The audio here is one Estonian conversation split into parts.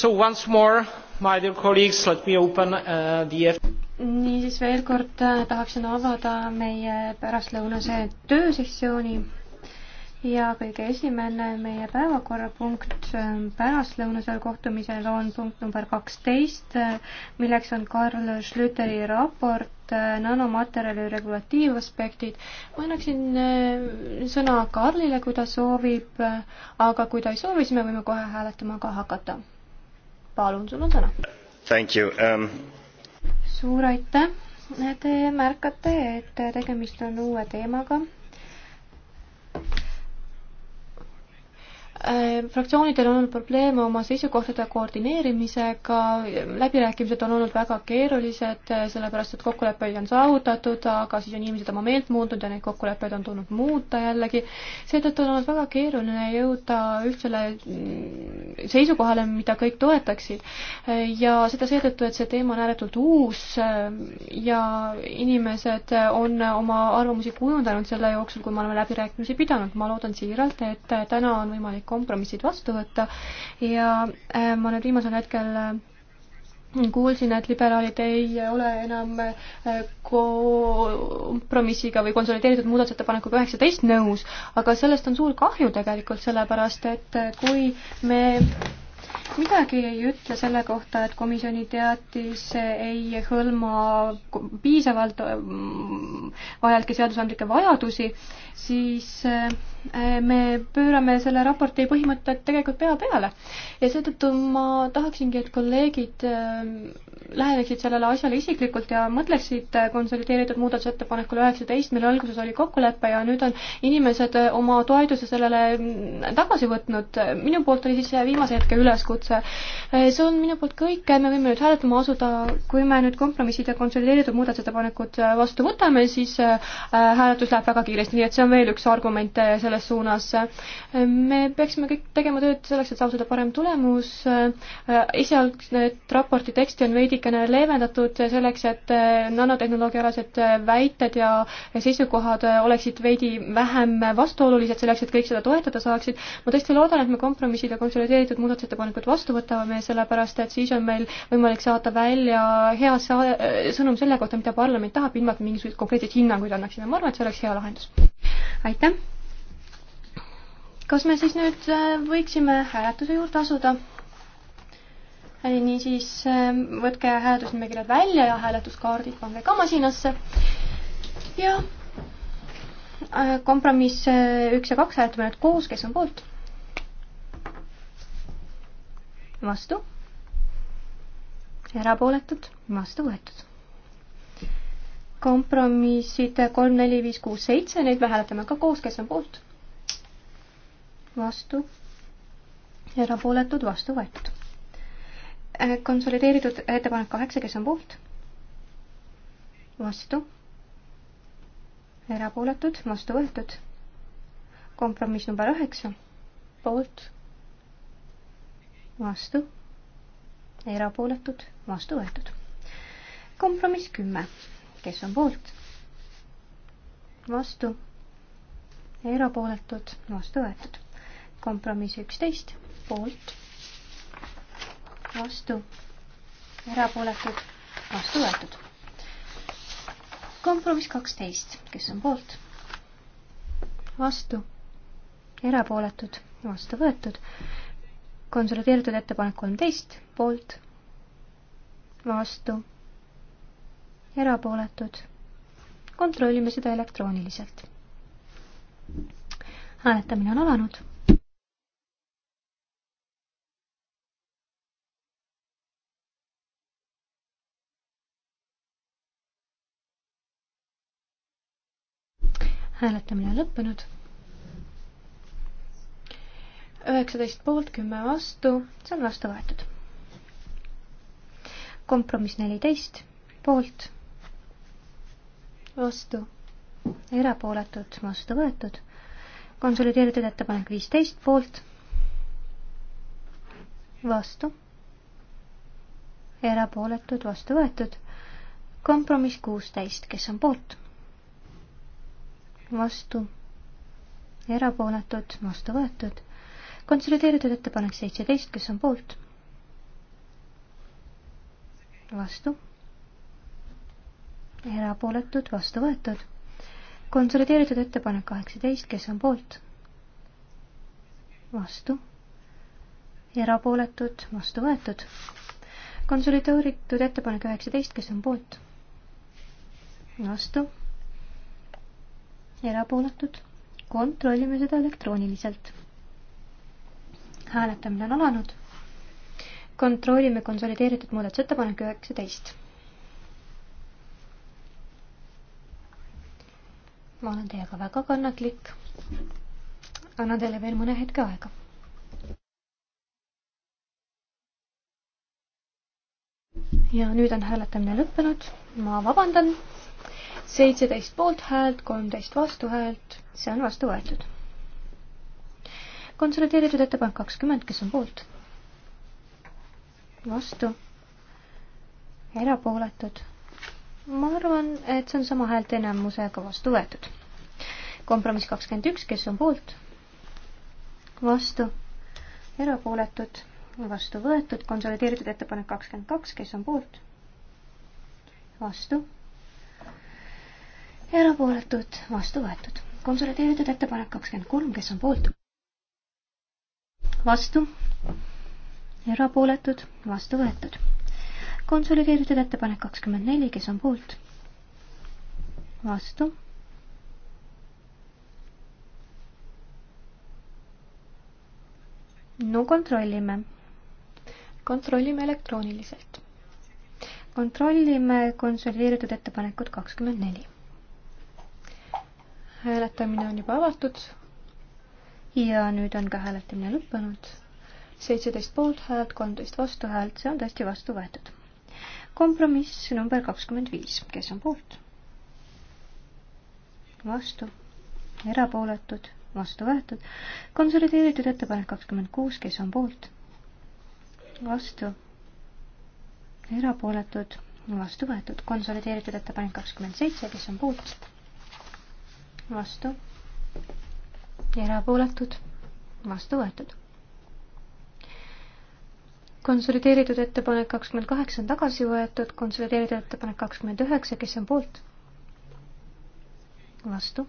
So once more, my dear colleagues, let me open uh, the niisiis veel kord äh, tahaksin avada meie pärastlõunase töösessiooni ja kõige esimene meie päevakorrapunkt äh, pärastlõunasel kohtumisel on punkt number kaksteist, äh, milleks on Karl Schlüteri raport nanomaterjali regulatiivaspektid. ma annaksin sõna Karlile, kui ta soovib, aga kui ta ei soovi, siis me võime kohe hääletama ka hakata palun, sul on sõna. Um... suur aitäh. Te märkate, et tegemist on uue teemaga Äh, fraktsioonidel on olnud probleeme oma seisukohtade koordineerimisega, läbirääkimised on olnud väga keerulised, äh, sellepärast et kokkuleppeid on saavutatud, aga siis on inimesed oma meelt muutnud ja neid kokkuleppeid on tulnud muuta jällegi. seetõttu on olnud väga keeruline jõuda ühtsele mm, seisukohale, mida kõik toetaksid. Äh, ja seda seetõttu, et see teema on ääretult uus ja inimesed on oma arvamusi kujundanud selle jooksul, kui me oleme läbirääkimisi pidanud. ma loodan siiralt, et täna on võimalik kompromissid vastu võtta ja äh, ma nüüd viimasel hetkel äh, kuulsin, et liberaalid ei ole enam äh, kompromissiga või konsolideeritud muudatusettepanekuga üheksateist nõus, aga sellest on suur kahju tegelikult, sellepärast et kui me midagi ei ütle selle kohta, et komisjoni teatis ei hõlma piisavalt vajalikke seadusandlikke vajadusi, siis äh, Äh, me pöörame selle raporti põhimõtted tegelikult pea peale ja seetõttu ma tahaksingi, et kolleegid äh, läheneksid sellele asjale isiklikult ja mõtleksid äh, konsolideeritud muudatusettepanekule üheksateist, mille alguses oli kokkulepe ja nüüd on inimesed oma toetuse sellele mm, tagasi võtnud. minu poolt oli siis viimase hetke üleskutse. see on minu poolt kõik, me võime nüüd hääletama asuda, kui me nüüd kompromissid ja konsolideeritud muudatusettepanekud vastu võtame, siis hääletus läheb väga kiiresti, nii et see on veel üks argument selle selles suunas. me peaksime kõik tegema tööd selleks, et saavutada parem tulemus. esialgne raporti teksti on veidikene leevendatud selleks, et nanotehnoloogia alased väited ja seisukohad oleksid veidi vähem vastuolulised, selleks et kõik seda toetada saaksid. ma tõesti loodan, et me kompromissid ja konsolideeritud muudatusettepanekud vastu võtame, sellepärast et siis on meil võimalik saata välja hea sõnum selle kohta, mida parlament tahab, ilma et me mingisuguseid konkreetseid hinnanguid annaksime. ma arvan, et see oleks hea lahendus. aitäh! kas me siis nüüd äh, võiksime hääletuse juurde asuda? Äh, niisiis äh, võtke hääletusnimekirjad välja ja hääletuskaardid pange ka masinasse. ja kompromiss üks ja kaks hääletame nüüd koos, kes on poolt? vastu? erapooletud? vastu võetud kompromissid kolm, neli, viis, kuus, seitse, neid me hääletame ka koos, kes on poolt? vastu, erapooletud, vastu võetud. Äh, konsolideeritud ettepanek kaheksa, kes on poolt? vastu, erapooletud, vastu võetud. kompromiss number üheksa, poolt, vastu, erapooletud, vastu võetud. kompromiss kümme, kes on poolt? vastu, erapooletud, vastu võetud kompromiss üksteist, poolt, vastu, erapooletud, vastu võetud. kompromiss kaksteist, kes on poolt, vastu, erapooletud, vastu võetud. konsolideeritud ettepanek kolmteist, poolt, vastu, erapooletud. kontrollime seda elektrooniliselt. hääletamine on alanud hääletamine lõppenud. üheksateist poolt, kümme vastu, see on vastu võetud. kompromiss neliteist poolt, vastu, erapooletud, vastu võetud. konsolideeritud ettepanek viisteist poolt, vastu, erapooletud, vastu võetud. kompromiss kuusteist, kes on poolt vastu, erapooletud, vastu võetud. konsolideeritud ettepanek seitseteist, kes on poolt? vastu, erapooletud, vastu võetud. konsolideeritud ettepanek kaheksateist, kes on poolt? vastu, erapooletud, vastu võetud. konsolideeritud ettepanek üheksateist, kes on poolt? vastu erapooletud, kontrollime seda elektrooniliselt. hääletamine on alanud. kontrollime konsolideeritud muudatusettepanek üheksateist. ma olen teiega väga kannatlik. annan teile veel mõne hetke aega ja nüüd on hääletamine lõppenud. ma vabandan, seitseteist poolthäält, kolmteist vastuhäält, see on vastu võetud. konsolideeritud ettepanek kakskümmend, kes on poolt? vastu? erapooletud? ma arvan, et see on sama häälte enamusega vastu võetud. kompromiss kakskümmend üks, kes on poolt? vastu? erapooletud? vastu võetud, konsolideeritud ettepanek kakskümmend kaks, kes on poolt? vastu? erapooletud, vastu võetud. konsolideeritud ettepanek kakskümmend kolm, kes on poolt? vastu, erapooletud, vastu võetud. konsolideeritud ettepanek kakskümmend neli, kes on poolt? vastu no kontrollime. kontrollime elektrooniliselt. kontrollime konsolideeritud ettepanekut kakskümmend neli hääletamine on juba avatud. ja nüüd on ka hääletamine lõppenud. seitseteist poolthäält, kolmteist vastuhäält, see on tõesti vastu võetud. kompromiss number kakskümmend viis, kes on poolt? vastu, erapooletud, vastu võetud. konsolideeritud ettepanek kakskümmend kuus, kes on poolt? vastu, erapooletud, vastu võetud. konsolideeritud ettepanek kakskümmend seitse, kes on poolt? vastu, erapooletud, vastu võetud. konsolideeritud ettepanek kakskümmend kaheksa on tagasi võetud, konsolideeritud ettepanek kakskümmend üheksa, kes on poolt? vastu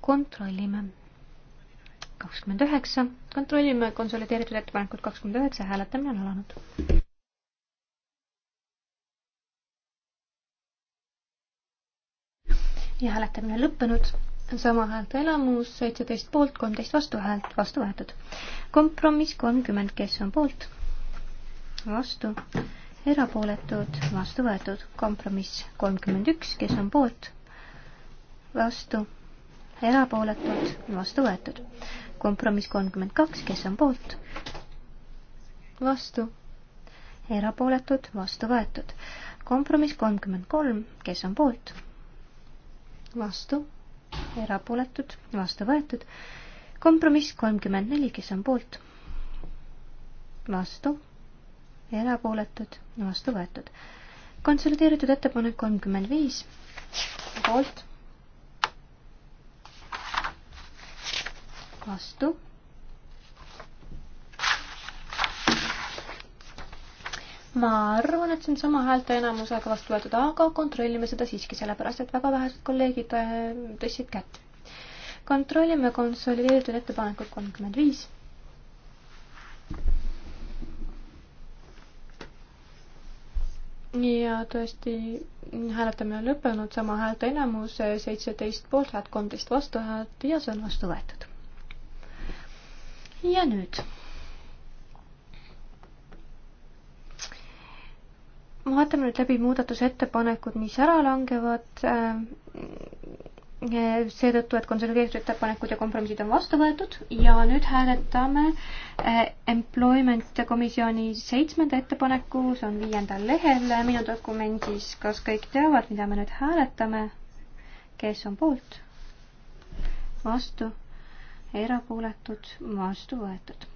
kontrollime. kakskümmend üheksa, kontrollime konsolideeritud ettepanekut kakskümmend üheksa, hääletamine on alanud. ja hääletamine lõppenud. sama häälte elamus, seitseteist poolt, kolmteist vastuhäält, vastu võetud. kompromiss kolmkümmend, kes on poolt? vastu. erapooletud, vastu võetud. kompromiss kolmkümmend üks, kes on poolt? vastu. erapooletud, vastu võetud. kompromiss kolmkümmend kaks, kes on poolt? vastu erapooletud, vastu võetud. kompromiss kolmkümmend kolm, kes on poolt, vastu, erapooletud, vastu võetud. kompromiss kolmkümmend neli, kes on poolt, vastu, erapooletud, vastu võetud. konsolideeritud ettepanek kolmkümmend viis, poolt, vastu ma arvan, et see on sama häälte enamusega vastu võetud, aga kontrollime seda siiski, sellepärast et väga vähesed kolleegid äh, tõstsid kätt. kontrollime konsolideeritud ettepanekut kolmkümmend viis. ja tõesti, hääletamine on lõppenud, sama häälte enamus, äh, seitseteist poolt häält, kolmteist vastuhäält ja see on vastu võetud. ja nüüd vaatame nüüd läbi muudatusettepanekud, mis ära langevad äh, seetõttu, et konsolideeritud ettepanekud ja kompromissid on vastu võetud ja nüüd hääletame äh, employment komisjoni seitsmenda ettepaneku, see on viiendal lehel minu dokumendis, kas kõik teavad, mida me nüüd hääletame? kes on poolt? vastu? erapooletud? vastu võetud.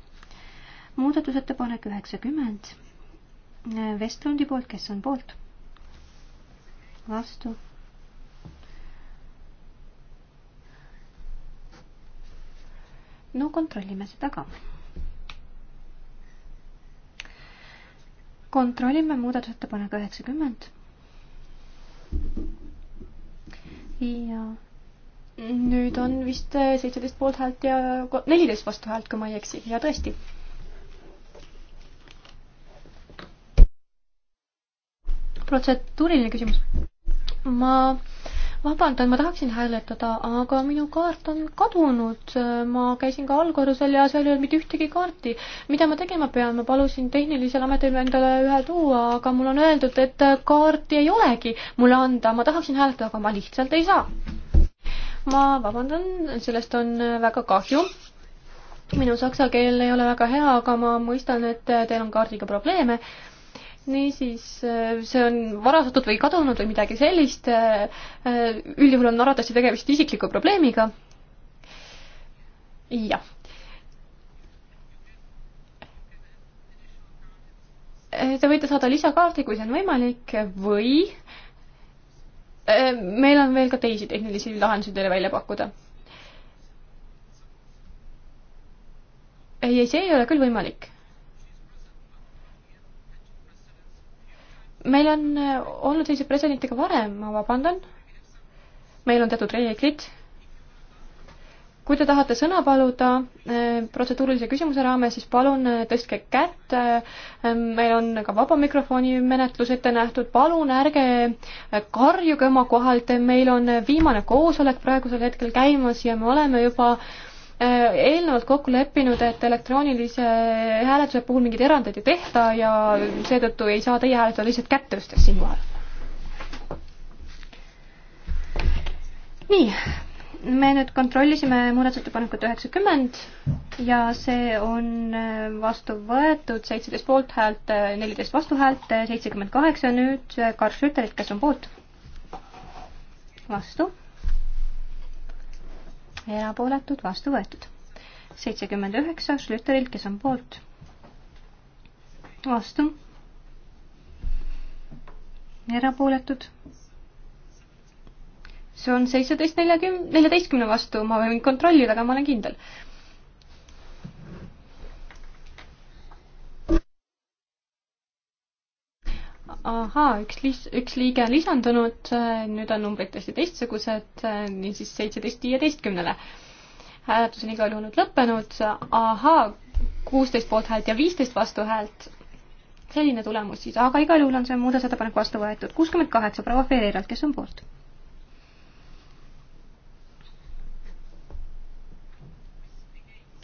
muudatusettepanek üheksakümmend Vestlundi poolt, kes on poolt? vastu. no kontrollime seda ka. kontrollime muudatusettepanek üheksakümmend. ja nüüd on vist seitseteist poolthäält ja neliteist vastuhäält, kui ma ei eksi, ja tõesti protseduuriline küsimus. ma vabandan, ma tahaksin hääletada, aga minu kaart on kadunud. ma käisin ka allkorrusel ja seal ei olnud mitte ühtegi kaarti. mida ma tegema pean, ma palusin tehnilisel ametil endale ühe tuua, aga mulle on öeldud, et kaarti ei olegi mulle anda, ma tahaksin hääletada, aga ma lihtsalt ei saa. ma vabandan, sellest on väga kahju. minu saksa keel ei ole väga hea, aga ma mõistan, et teil on kaardiga probleeme niisiis, äh, see on varastatud või kadunud või midagi sellist, äh, äh, üldjuhul on arvatavasti tegemist isikliku probleemiga. jah. Te võite saada lisakaardi, kui see on võimalik, või meil on veel ka teisi tehnilisi lahendusi teile välja pakkuda. ei, ei, see ei ole küll võimalik meil on äh, olnud sellise presidentidega varem, ma vabandan. meil on teatud reeglid. kui te tahate sõna paluda äh, protseduurilise küsimuse raames, siis palun äh, tõstke kätt. meil on ka vaba mikrofoni menetlus ette nähtud, palun ärge karjuge oma kohalt, meil on viimane koosolek praegusel hetkel käimas ja me oleme juba äh, Äh, eelnevalt kokku leppinud, et elektroonilise hääletuse puhul mingeid erandeid ei tehta ja seetõttu ei saa teie hääletada lihtsalt kätt tõstes siinkohal. nii, me nüüd kontrollisime muudatusettepanekut üheksakümmend ja see on äh, vastu võetud, seitseteist poolthäält, äh, neliteist vastuhäält, seitsekümmend kaheksa nüüd Karl Schütterit, kes on poolt? vastu erapooletud, vastu võetud. seitsekümmend üheksa Schlüterilt, kes on poolt, vastu, erapooletud. see on seitseteist neljakümne, neljateistkümne vastu, ma võin kontrollida, aga ma olen kindel ahaa, üks lis-, üks liige on lisandunud, äh, nüüd on numbrid tõesti teistsugused, äh, niisiis seitseteist viieteistkümnele. hääletus on igal juhul nüüd lõppenud, ahaa, kuusteist poolthäält ja viisteist vastuhäält. selline tulemus siis, aga igal juhul on see muudatusettepanek vastu võetud. kuuskümmend kaheksa proua Ferreiralt, kes on poolt?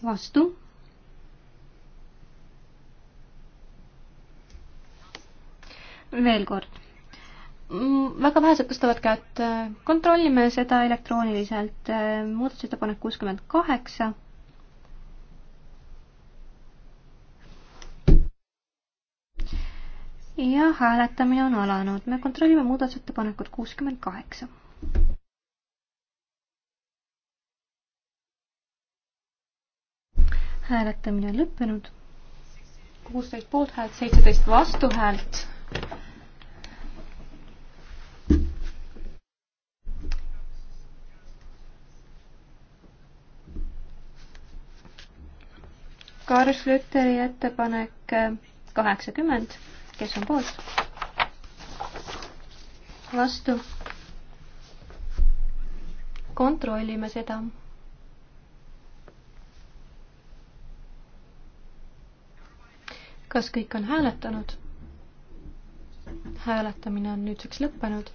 vastu veel kord. Mm, väga vähesed tõstavad kätt, kontrollime seda elektrooniliselt, eh, muudatusettepanek kuuskümmend kaheksa. ja hääletamine on alanud, me kontrollime muudatusettepanekut kuuskümmend kaheksa. hääletamine on lõppenud. kuusteist poolthäält, seitseteist vastuhäält Karl Schlüteri ettepanek kaheksakümmend, kes on poolt? vastu. kontrollime seda. kas kõik on hääletanud? hääletamine on nüüdseks lõppenud.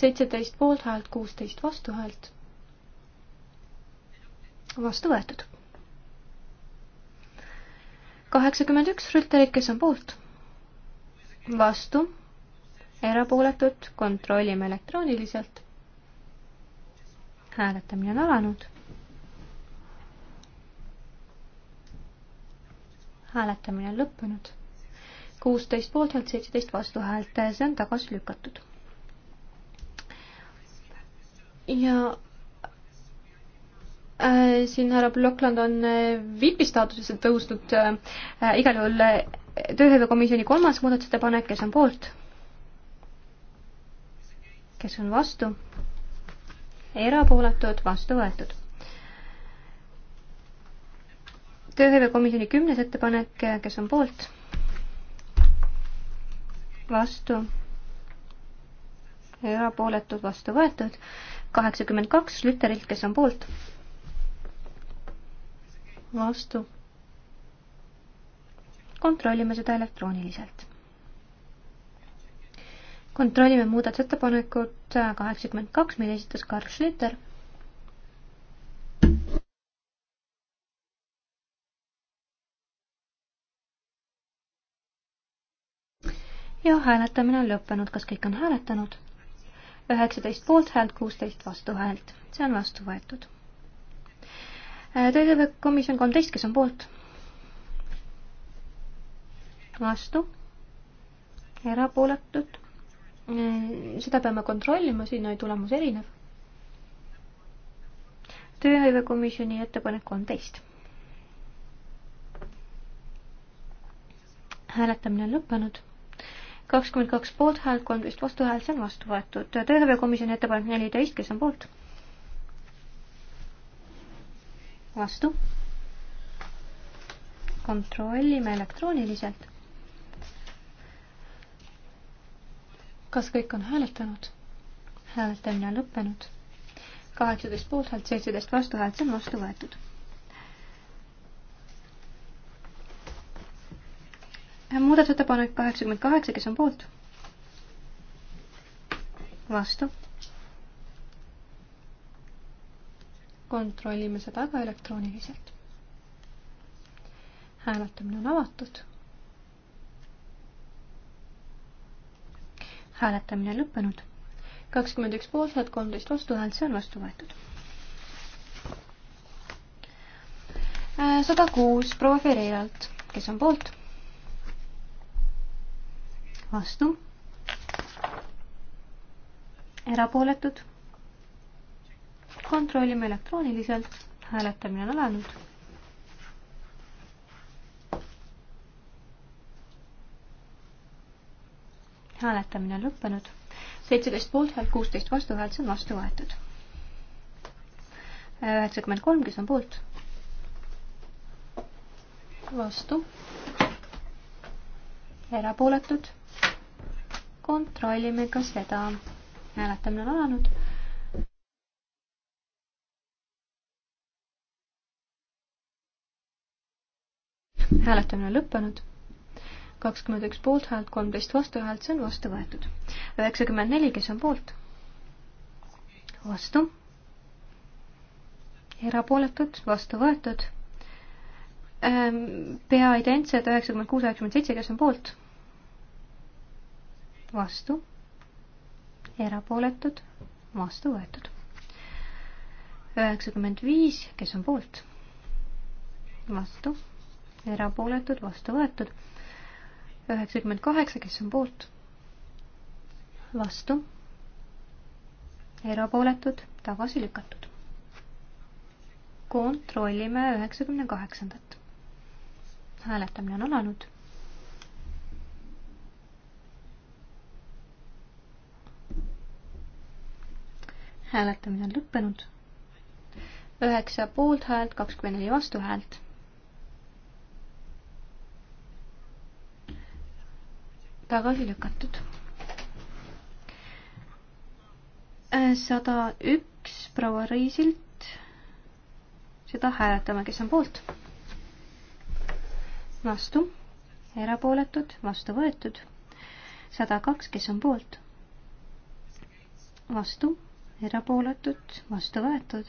seitseteist poolthäält, kuusteist vastuhäält. vastu võetud kaheksakümmend üks Rütterit, kes on poolt? vastu, erapooletud, kontrollime elektrooniliselt. hääletamine on alanud. hääletamine on lõppenud. kuusteist poolthäält, seitseteist vastuhäält, see on tagasi lükatud. ja Äh, siin härra Blokland on äh, VIP-i staatusesse tõusnud äh, igal juhul tööhõivekomisjoni kolmas muudatusettepanek, kes on poolt? kes on vastu? erapooletud, vastu võetud. tööhõivekomisjoni kümnes ettepanek, kes on poolt? vastu? erapooletud, vastu võetud. kaheksakümmend kaks Lüterilt, kes on poolt? vastu. kontrollime seda elektrooniliselt. kontrollime muudatusettepanekut kaheksakümmend kaks, mille esitas Karl Schlüter. ja hääletamine on lõppenud, kas kõik on hääletanud? üheksateist poolthäält, kuusteist vastuhäält, see on vastu võetud Äh, tööhõivekomisjon kolmteist, kes on poolt? vastu? erapooletud? Äh, seda peame kontrollima, siin oli tulemus erinev. tööhõivekomisjoni ettepanek kolmteist. hääletamine on lõppenud kakskümmend kaks poolthäält, kolmteist vastuhäält, see on vastu võetud. tööhõivekomisjoni ettepanek neliteist, kes on poolt? vastu. kontrollime elektrooniliselt. kas kõik on hääletanud? hääletamine on lõppenud. kaheksateist poolthäält, seitseteist vastuhäält, see on vastu võetud. muudatusettepanek kaheksakümmend kaheksa, kes on poolt? vastu kontrollime seda ka elektrooniliselt. hääletamine on avatud. hääletamine lõppenud. kakskümmend üks poolthäält, kolmteist vastuhäält, see on vastu võetud. Äh, sada kuus proua Ferreiralt, kes on poolt? vastu. erapooletud kontrollime elektrooniliselt, hääletamine on alanud. hääletamine on lõppenud, seitseteist poolthäält, kuusteist vastuhäält, see on vastu võetud. üheksakümmend kolm, kes on poolt? vastu. erapooletud. kontrollime ka seda. hääletamine on alanud hääletamine on lõppenud. kakskümmend üks poolthäält, kolmteist vastuhäält, see on vastu võetud. üheksakümmend neli, kes on poolt? vastu. erapooletud, vastu võetud. Ehm, pea identsed üheksakümmend kuus, üheksakümmend seitse, kes on poolt? vastu. erapooletud, vastu võetud. üheksakümmend viis, kes on poolt? vastu erapooletud, vastu võetud. üheksakümmend kaheksa, kes on poolt, vastu, erapooletud, tagasi lükatud. kontrollime üheksakümne kaheksandat. hääletamine on alanud. hääletamine on lõppenud üheksa poolthäält, kakskümmend neli vastuhäält tagasi lükatud. sada üks proua Riisilt. seda hääletame, kes on poolt. vastu, erapooletud, vastu võetud. sada kaks, kes on poolt. vastu, erapooletud, vastu võetud.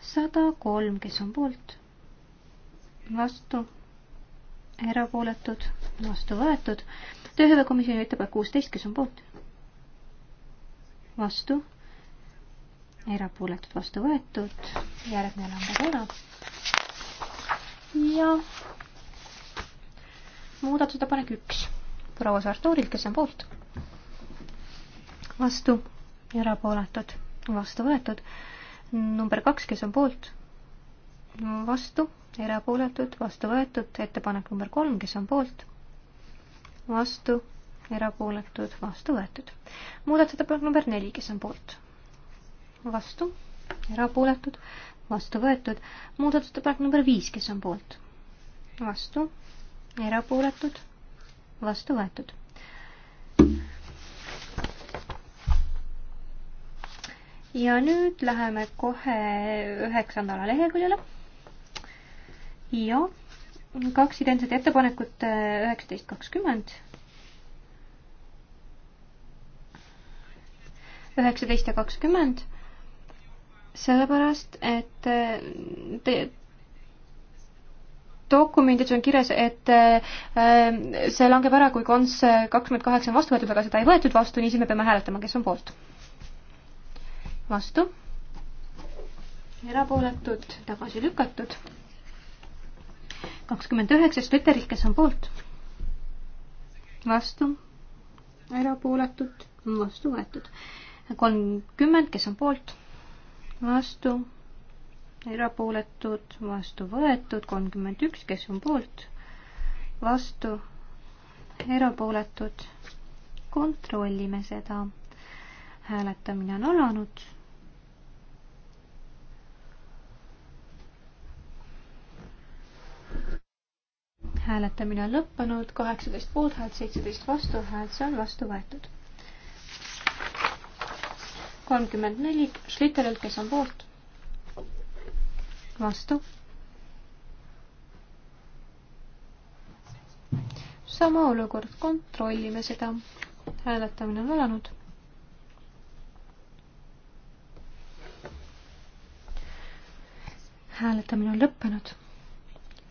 sada kolm, kes on poolt. vastu, erapooletud, vastu võetud tööhõivekomisjoni ettepanek kuusteist, kes on poolt? vastu. erapooletud vastu võetud, järgmine langeb ära. ja muudatusettepanek üks proua Sartorilt, kes on poolt? vastu, erapooletud, vastu võetud. number kaks, kes on poolt? vastu, erapooletud, vastu võetud, ettepanek number kolm, kes on poolt? vastu, erapooletud, vastu võetud. muudatusettepanek number neli, kes on poolt? vastu, erapooletud, vastu võetud. muudatusettepanek number viis, kes on poolt? vastu, erapooletud, vastu võetud. ja nüüd läheme kohe üheksandale leheküljele. ja kaks identset ettepanekut äh, üheksateist kakskümmend. üheksateist ja kakskümmend, sellepärast et äh, te, dokumendis on kirjas, et äh, see langeb ära, kui kons kakskümmend kaheksa on vastu võetud, aga seda ei võetud vastu, niisiis me peame hääletama, kes on poolt. vastu. erapooletud, tagasi lükatud kakskümmend üheksa Stöterist, kes on poolt? vastu, erapooletud, vastu võetud. kolmkümmend, kes on poolt? vastu, erapooletud, vastu võetud, kolmkümmend üks, kes on poolt? vastu, erapooletud. kontrollime seda. hääletamine on alanud hääletamine on lõppenud, kaheksateist poolthäält, seitseteist vastuhäält, see on vastu võetud. kolmkümmend neli Schlitterilt, kes on poolt? vastu. sama olukord, kontrollime seda. hääletamine on alanud. hääletamine on lõppenud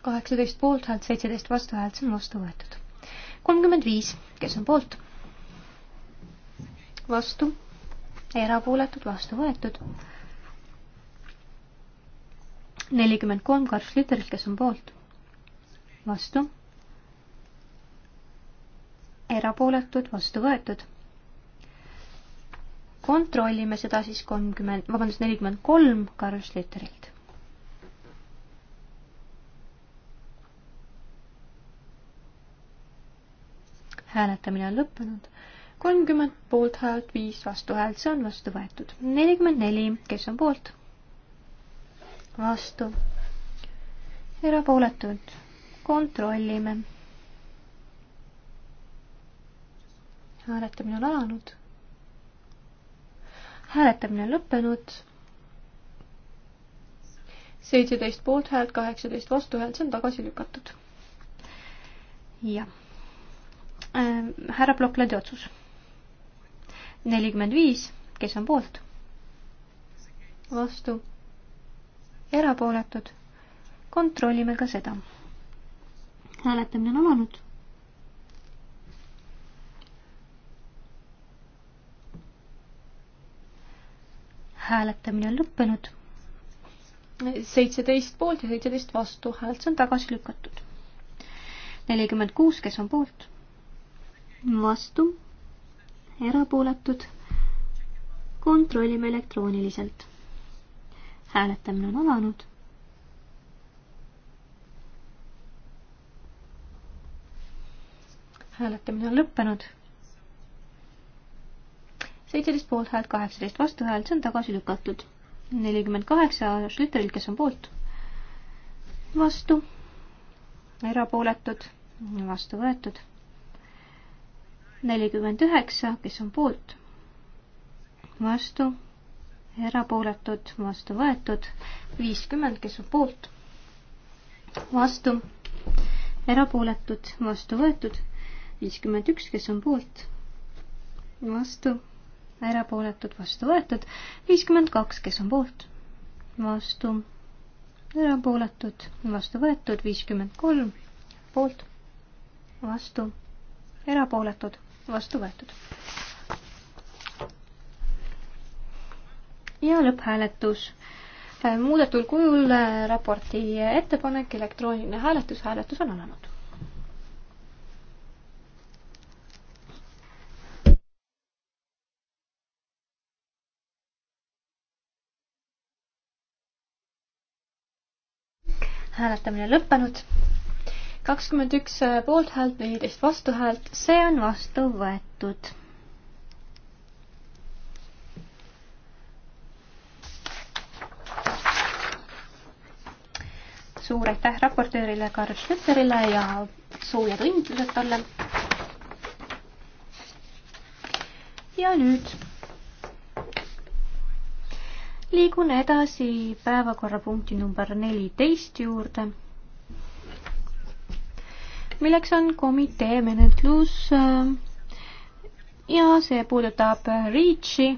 kaheksateist poolthäält, seitseteist vastuhäält, see on vastu võetud. kolmkümmend viis, kes on poolt? vastu, erapooletud, vastu võetud. nelikümmend kolm Karl Schlüterilt, kes on poolt? vastu, erapooletud, vastu võetud. kontrollime seda siis kolmkümmend, vabandust, nelikümmend kolm Karl Schlüterilt. hääletamine on lõppenud. kolmkümmend poolthäält, viis vastuhäält, see on vastu võetud. nelikümmend neli, kes on poolt? vastu. erapooletud. kontrollime. hääletamine on alanud. hääletamine on lõppenud seitseteist poolthäält, kaheksateist vastuhäält, see on tagasi lükatud. jah. Äh, härra Blokklandi otsus. nelikümmend viis, kes on poolt? vastu? erapooletud? kontrollime ka seda. hääletamine on alanud hääletamine on lõppenud. seitseteist poolt ja seitseteist vastu, häält see on tagasi lükatud. nelikümmend kuus, kes on poolt vastu, erapooletud. kontrollime elektrooniliselt. hääletamine on alanud. hääletamine on lõppenud. seitseteist poolthäält, kaheksateist vastuhäält, see on tagasi lükatud. nelikümmend kaheksa Schlüterilt, kes on poolt, vastu, erapooletud, vastu võetud nelikümmend üheksa, kes on poolt, vastu, erapooletud, vastu võetud, viiskümmend, kes on poolt, vastu, erapooletud, vastu võetud, viiskümmend üks, kes on poolt, vastu, erapooletud, vastu võetud, viiskümmend kaks, kes on poolt, vastu, erapooletud, vastu võetud, viiskümmend kolm, poolt, vastu, erapooletud vastu võetud. ja lõpphääletus. Äh, muudetud kujul äh, raporti ettepanek, elektrooniline hääletus, hääletus on alanud. hääletamine lõppenud kakskümmend üks äh, poolthäält, neliteist vastuhäält, see on vastu võetud. suur aitäh raportöörile Karl Schlüterile ja soojad õnnitlused talle. ja nüüd liigun edasi päevakorrapunkti number neliteist juurde milleks on komitee menetlus äh, ja see puudutab REACH-i.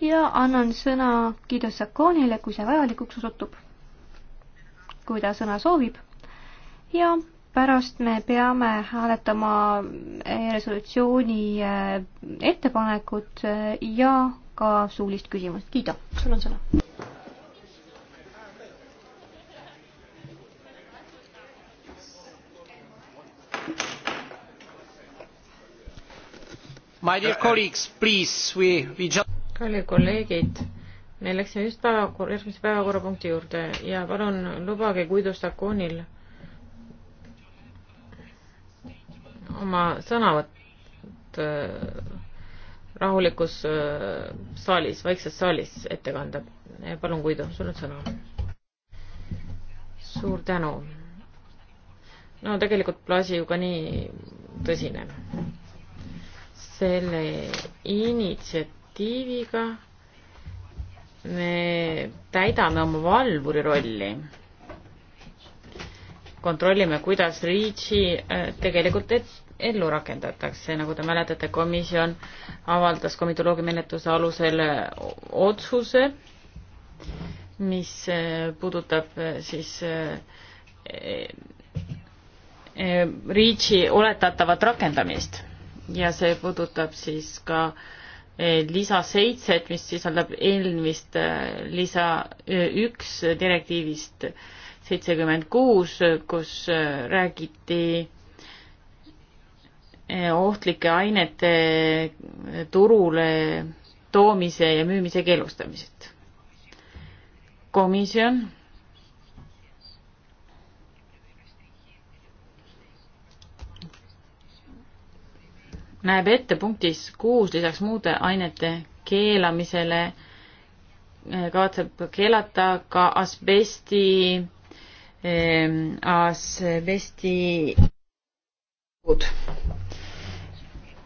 ja annan sõna Guido Sakonile, kui see vajalikuks osutub, kui ta sõna soovib ja pärast me peame hääletama äh, resolutsiooni äh, ettepanekut ja ka suulist küsimust. Kiido, sul on sõna. Äh, äh. kallid kolleegid me läksime just päevakorra järgmise päevakorrapunkti juurde ja palun lubage guido stacconi'l oma sõnavõtt äh, rahulikus saalis vaikses saalis ette kanda palun guido sul on sõna suur tänu no tegelikult plasi ju ka nii tõsine selle initsiatiiviga me täidame oma valvuri rolli. kontrollime, kuidas REACH-i äh, tegelikult ellu rakendatakse, nagu te mäletate, komisjon avaldas komitoloogia menetluse alusel otsuse, mis äh, puudutab äh, siis REACH-i oletatavat rakendamist ja see puudutab siis ka eh, lisa seitset, mis sisaldab eelmist eh, lisa eh, üks direktiivist seitsekümmend kuus, kus räägiti ohtlike ainete turule toomise ja müümise keelustamisest. komisjon näeb ette punktis kuus lisaks muude ainete keelamisele eh, kavatseb keelata ka asbesti, ehm, asbesti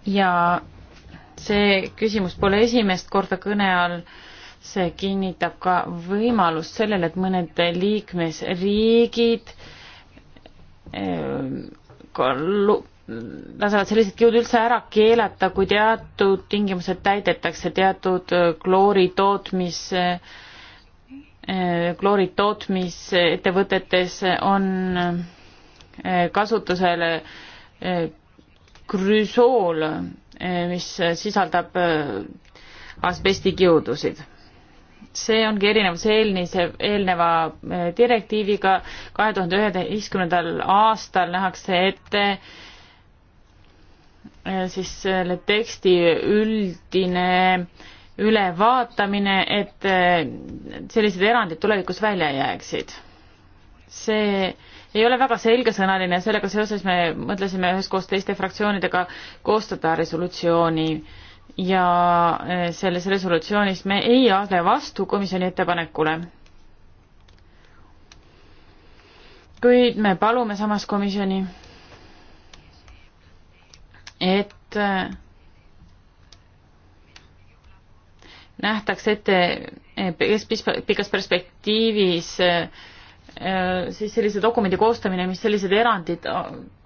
ja see küsimus pole esimest korda kõne all, see kinnitab ka võimalust sellele, et mõned liikmesriigid ehm, lasevad sellised kiud üldse ära keelata, kui teatud tingimused täidetakse, teatud äh, kloori tootmise, äh, kloori tootmisettevõtetes on äh, kasutusele krüsool, mis sisaldab asbestikiudusid see ongi erinevus eelmise, eelneva direktiiviga. kahe tuhande üheteistkümnendal aastal nähakse ette Äh, siis selle teksti üldine ülevaatamine, et äh, sellised erandid tulevikus välja jääksid. see ei ole väga selgesõnaline, sellega seoses me mõtlesime üheskoos teiste fraktsioonidega koostada resolutsiooni ja äh, selles resolutsioonis me ei ole vastu komisjoni ettepanekule. kuid me palume samas komisjoni et äh, nähtakse ette äh, pikas perspektiivis äh, siis sellise dokumendi koostamine, mis sellised erandid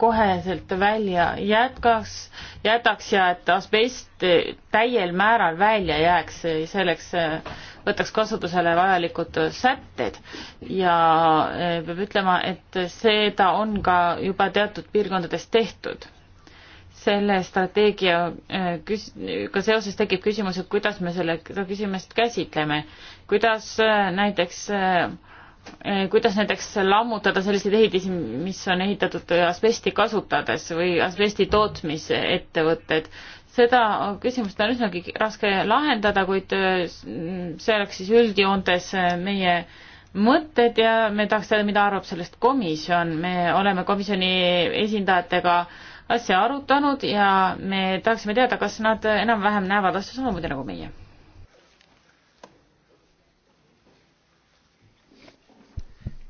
koheselt välja jätkaks, jätaks ja et asbest täiel määral välja jääks, selleks võtaks kasutusele vajalikud sätted ja peab ütlema, et seda on ka juba teatud piirkondades tehtud selle strateegiaga äh, seoses tekib küsimus, et kuidas me selle, seda küsimust käsitleme. kuidas äh, näiteks, äh, kuidas näiteks lammutada selliseid ehitisi, mis on ehitatud asbesti kasutades või asbesti tootmisettevõtted, seda küsimust on üsnagi raske lahendada, kuid see oleks siis üldjoontes meie mõtted ja me tahaks teada, mida arvab sellest komisjon, me oleme komisjoni esindajatega äh, asja arutanud ja me tahaksime teada, kas nad enam-vähem näevad asja samamoodi nagu meie.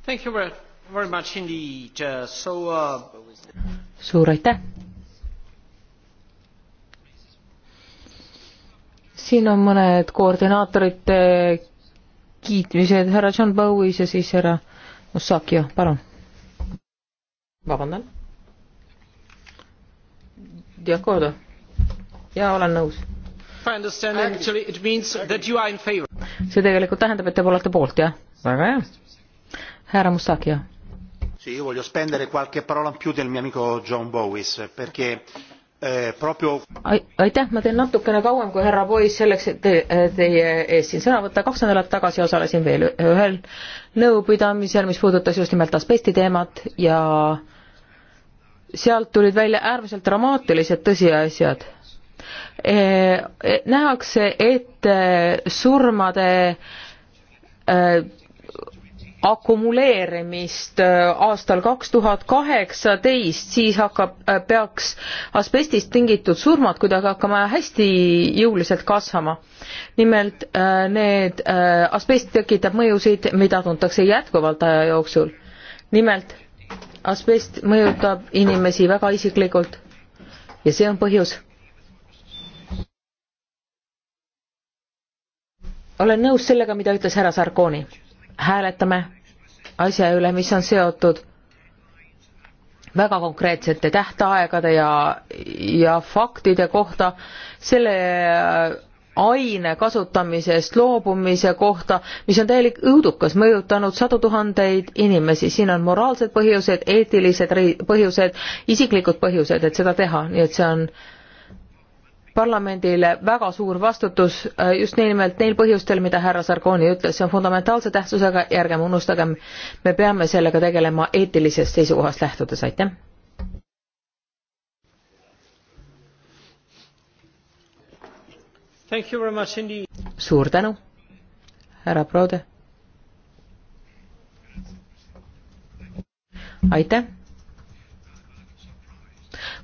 Thank you very, very much indeed uh,. So uh... suur aitäh. siin on mõned koordinaatorite kiitmised, härra John Bowis ja siis härra Mussakio, palun. vabandan De acuerdo. jaa, olen nõus. see tegelikult tähendab, et te olete poolt, jah? väga hea. härra Mustaki, jah? Sì, io voglio spendere qualche parola in più del mio amico John Bowis perché eh, proprio aitäh, ma teen natukene kauem kui härra Bois selleks, et te, eh, teie ees siin sõna võtta, kaks nädalat tagasi osalesin veel ühel nõupidamisel, mis puudutas just nimelt asbesti teemat ja äh, sealt tulid välja äärmiselt dramaatilised tõsiasjad e,. E, nähakse ette surmade e, akumuleerimist e, aastal kaks tuhat kaheksateist, siis hakkab, e, peaks asbestist tingitud surmad kuidagi hakkama hästi jõuliselt kasvama. nimelt e, need, asbest tekitab mõjusid, mida tuntakse jätkuvalt aja jooksul. nimelt asbest mõjutab inimesi väga isiklikult ja see on põhjus. olen nõus sellega, mida ütles härra Sarkooni. hääletame asja üle, mis on seotud väga konkreetsete tähtaegade ja, ja faktide kohta, selle aine kasutamisest loobumise kohta, mis on täielik õudukas, mõjutanud sadu tuhandeid inimesi. siin on moraalsed põhjused, eetilised põhjused, isiklikud põhjused, et seda teha, nii et see on parlamendile väga suur vastutus äh, just nimelt neil põhjustel, mida härra Sargoni ütles, see on fundamentaalse tähtsusega ja ärgem unustagem, me peame sellega tegelema eetilisest seisukohast lähtudes, aitäh suur tänu, härra Prode. aitäh.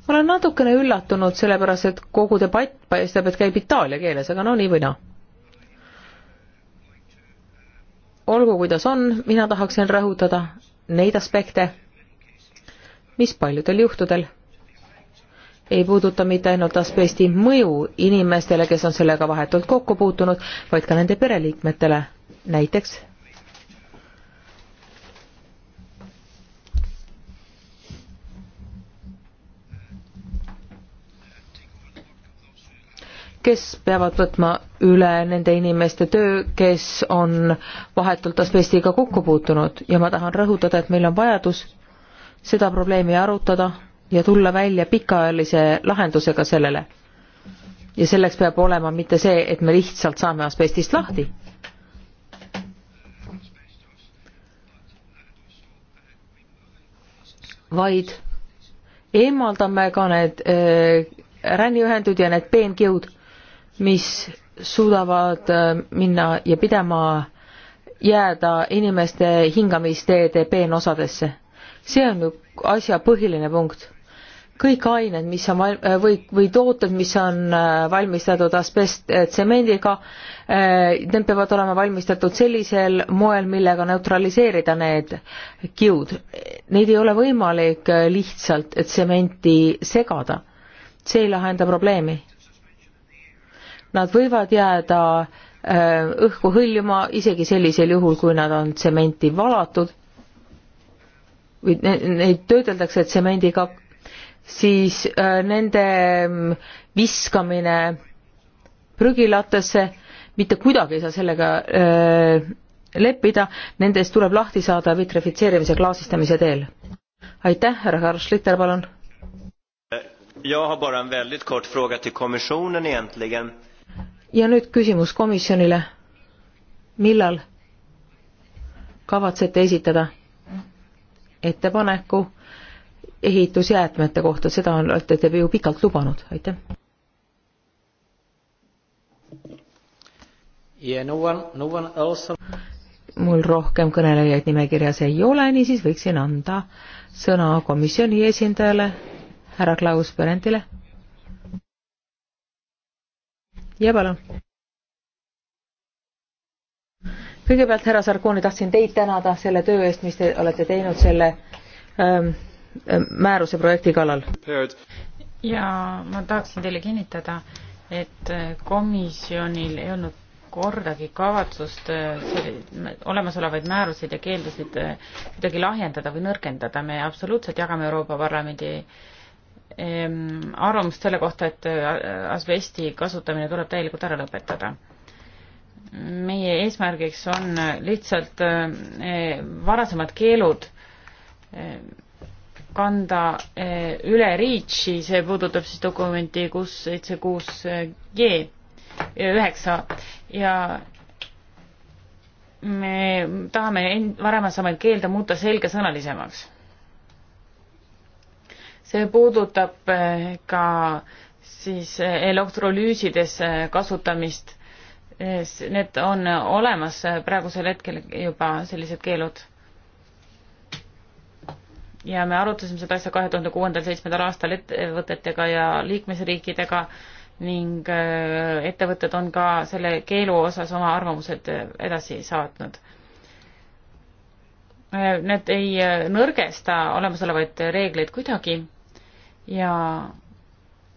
ma olen natukene üllatunud, sellepärast et kogu debatt paistab, et käib itaalia keeles, aga no nii või naa olgu kuidas on, mina tahaksin rõhutada neid aspekte, mis paljudel juhtudel ei puuduta mitte ainult asbesti mõju inimestele, kes on sellega vahetult kokku puutunud, vaid ka nende pereliikmetele, näiteks kes peavad võtma üle nende inimeste töö, kes on vahetult asbestiga kokku puutunud ja ma tahan rõhutada, et meil on vajadus seda probleemi arutada ja tulla välja pikaajalise lahendusega sellele. ja selleks peab olema mitte see, et me lihtsalt saame asbestist lahti. vaid eemaldame ka need äh, ränniühendud ja need peenkiud, mis suudavad äh, minna ja pidama jääda inimeste hingamisteede peenosadesse. see on ju asja põhiline punkt kõik ained, mis on val-, äh, või, või tooted, mis on äh, valmistatud asbesttsemendiga, äh, need peavad olema valmistatud sellisel moel, millega neutraliseerida need kiud. Neid ei ole võimalik lihtsalt tsementi segada. see ei lahenda probleemi. Nad võivad jääda õhku hõljuma isegi sellisel juhul, kui nad on tsementi valatud või neid töödeldakse tsemendiga siis äh, nende mm, viskamine prügilattasse mitte kuidagi ei saa sellega äh, leppida, nendest tuleb lahti saada vitrifitseerimise klaasistamise teel. aitäh, härra Karl Schlitter, palun. ja nüüd küsimus komisjonile. millal kavatsete esitada ettepaneku ehitusjäätmete kohta, seda on, olete te ju pikalt lubanud, aitäh. Yeah, no one, no one else mul rohkem kõnelejaid nimekirjas ei ole, niisiis võiksin anda sõna komisjoni esindajale, härra Klaus Berendile. ja palun. kõigepealt, härra Sarkooni, tahtsin teid tänada selle töö eest, mis te olete teinud selle ähm, Äh, määruse projekti kallal. ja ma tahaksin teile kinnitada, et äh, komisjonil ei olnud kordagi kavatsust äh, olemasolevaid määruseid ja keeldusid kuidagi lahjendada või nõrgendada, me absoluutselt jagame Euroopa Parlamendi ähm, arvamust selle kohta, et asbesti kasutamine tuleb täielikult ära lõpetada. meie eesmärgiks on lihtsalt varasemad keelud kanda eh, üle REACH-i, see puudutab siis dokumenti kuus seitse kuus G üheksa ja me tahame varemasemalt keelde muuta selgesõnalisemaks. see puudutab eh, ka siis eh, elektrolüüsides kasutamist. Need on olemas praegusel hetkel juba sellised keelud ja me arutasime seda asja kahe tuhande kuuendal, seitsmendal aastal ettevõtetega ja liikmesriikidega ning äh, ettevõtted on ka selle keelu osas oma arvamused äh, edasi saatnud. Äh, need ei nõrgesta olemasolevaid reegleid kuidagi ja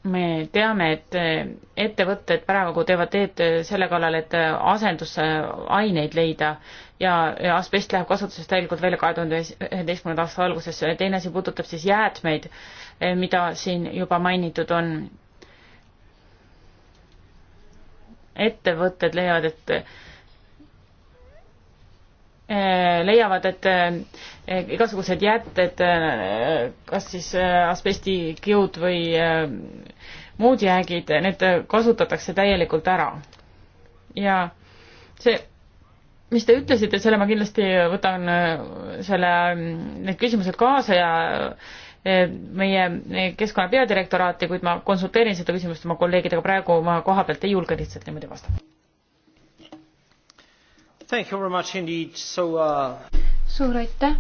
me teame, et eh, ettevõtted praegu teevad teed eh, selle kallal, et eh, asendusaineid leida ja, ja asbest läheb kasutusest täielikult välja kahe tuhande üheteistkümnenda aasta alguses. teine asi puudutab siis jäätmeid, mida siin juba mainitud on. ettevõtted leiavad, et Äh, leiavad, et äh, äh, igasugused jätted, kas siis asbestikiud või muud jäägid, need kasutatakse täielikult ära. ja see, mis te ütlesite, selle ma kindlasti võtan selle, need küsimused kaasa ja meie keskkonna peadirektoraati, kuid ma konsulteerin seda küsimust oma kolleegidega, praegu ma koha pealt ei julge lihtsalt niimoodi vastata So, uh... suur aitäh!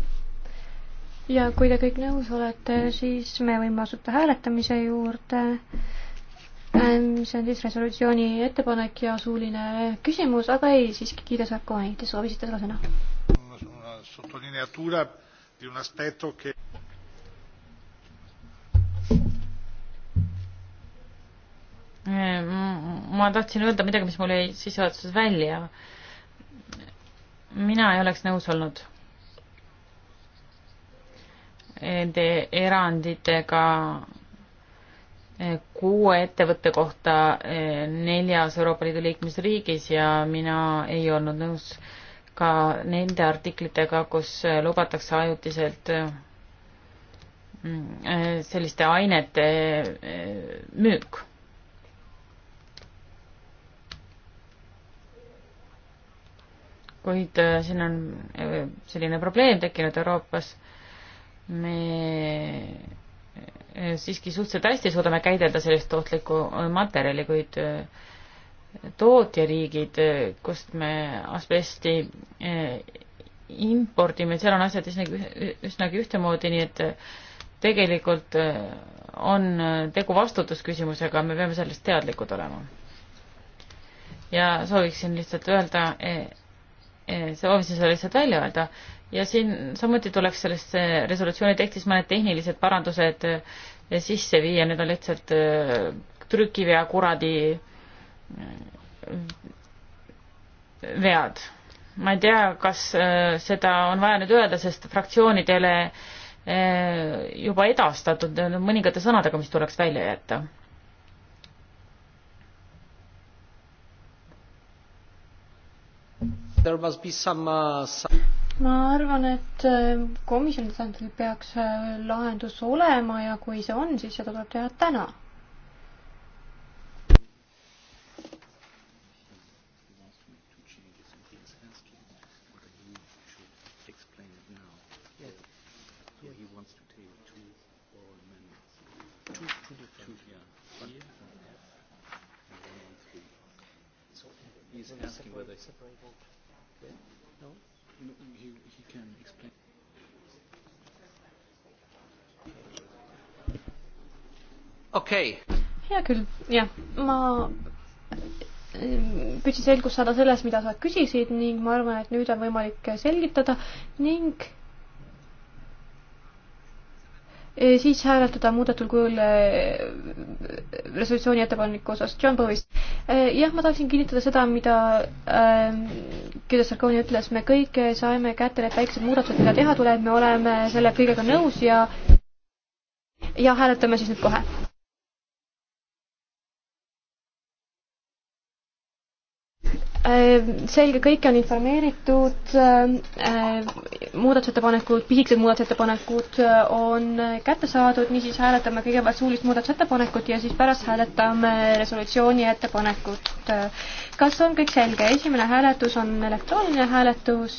ja kui te kõik nõus olete, siis me võime asuda hääletamise juurde, mis ähm, on siis resolutsiooni ettepanek ja suuline küsimus, aga ei, siiski Kiide Sarkoani, te soovisite seda sõna. Eh, ma tahtsin öelda midagi, mis mul jäi sissejuhatuses välja mina ei oleks nõus olnud nende eranditega eh, kuue ettevõtte kohta eh, neljas Euroopa Liidu liikmesriigis ja mina ei olnud nõus ka nende artiklitega, kus eh, lubatakse ajutiselt mm, selliste ainete müük kuid äh, siin on äh, selline probleem tekkinud Euroopas. me äh, siiski suhteliselt hästi suudame käidelda sellist ohtlikku materjali, kuid tootjariigid, kust me asbesti impordime, seal on asjad üsnagi, üsnagi ühtemoodi, nii et tegelikult on tegu vastutusküsimusega, me peame sellest teadlikud olema. ja sooviksin lihtsalt öelda, Eh, soovisin seda lihtsalt välja öelda ja siin samuti tuleks sellesse resolutsiooni tekstis mõned tehnilised parandused eh, sisse viia, need on lihtsalt eh, trükivea kuradi vead. ma ei tea, kas seda on vaja nüüd öelda, sest fraktsioonidele juba edastatud mõningate sõnadega, mis tuleks välja jätta Some, uh, some... ma arvan, et äh, komisjoni tasandil peaks äh, lahendus olema ja kui see on, siis seda tuleb teha täna he's asking whether No? no he, he can explain. okei okay.. hea küll, jah, ma mm, püüdsin selgust saada selles, mida sa küsisid ning ma arvan, et nüüd on võimalik selgitada ning siis hääletada muudetud kujul resolutsiooni ettepaneku osas. John Bowis. jah, ma tahaksin kinnitada seda, mida Küdes ähm, Sarkooni ütles, me kõik saime kätte need väiksed muudatused, mida teha tuleb, me oleme selle kõigega nõus ja ja hääletame siis nüüd kohe. Äh, selge, kõike on informeeritud, äh, äh, muudatusettepanekud, pisikesed muudatusettepanekud on kätte saadud, niisiis hääletame kõigepealt suulist muudatusettepanekut ja siis pärast hääletame resolutsiooni ettepanekut. kas on kõik selge, esimene hääletus on elektrooniline hääletus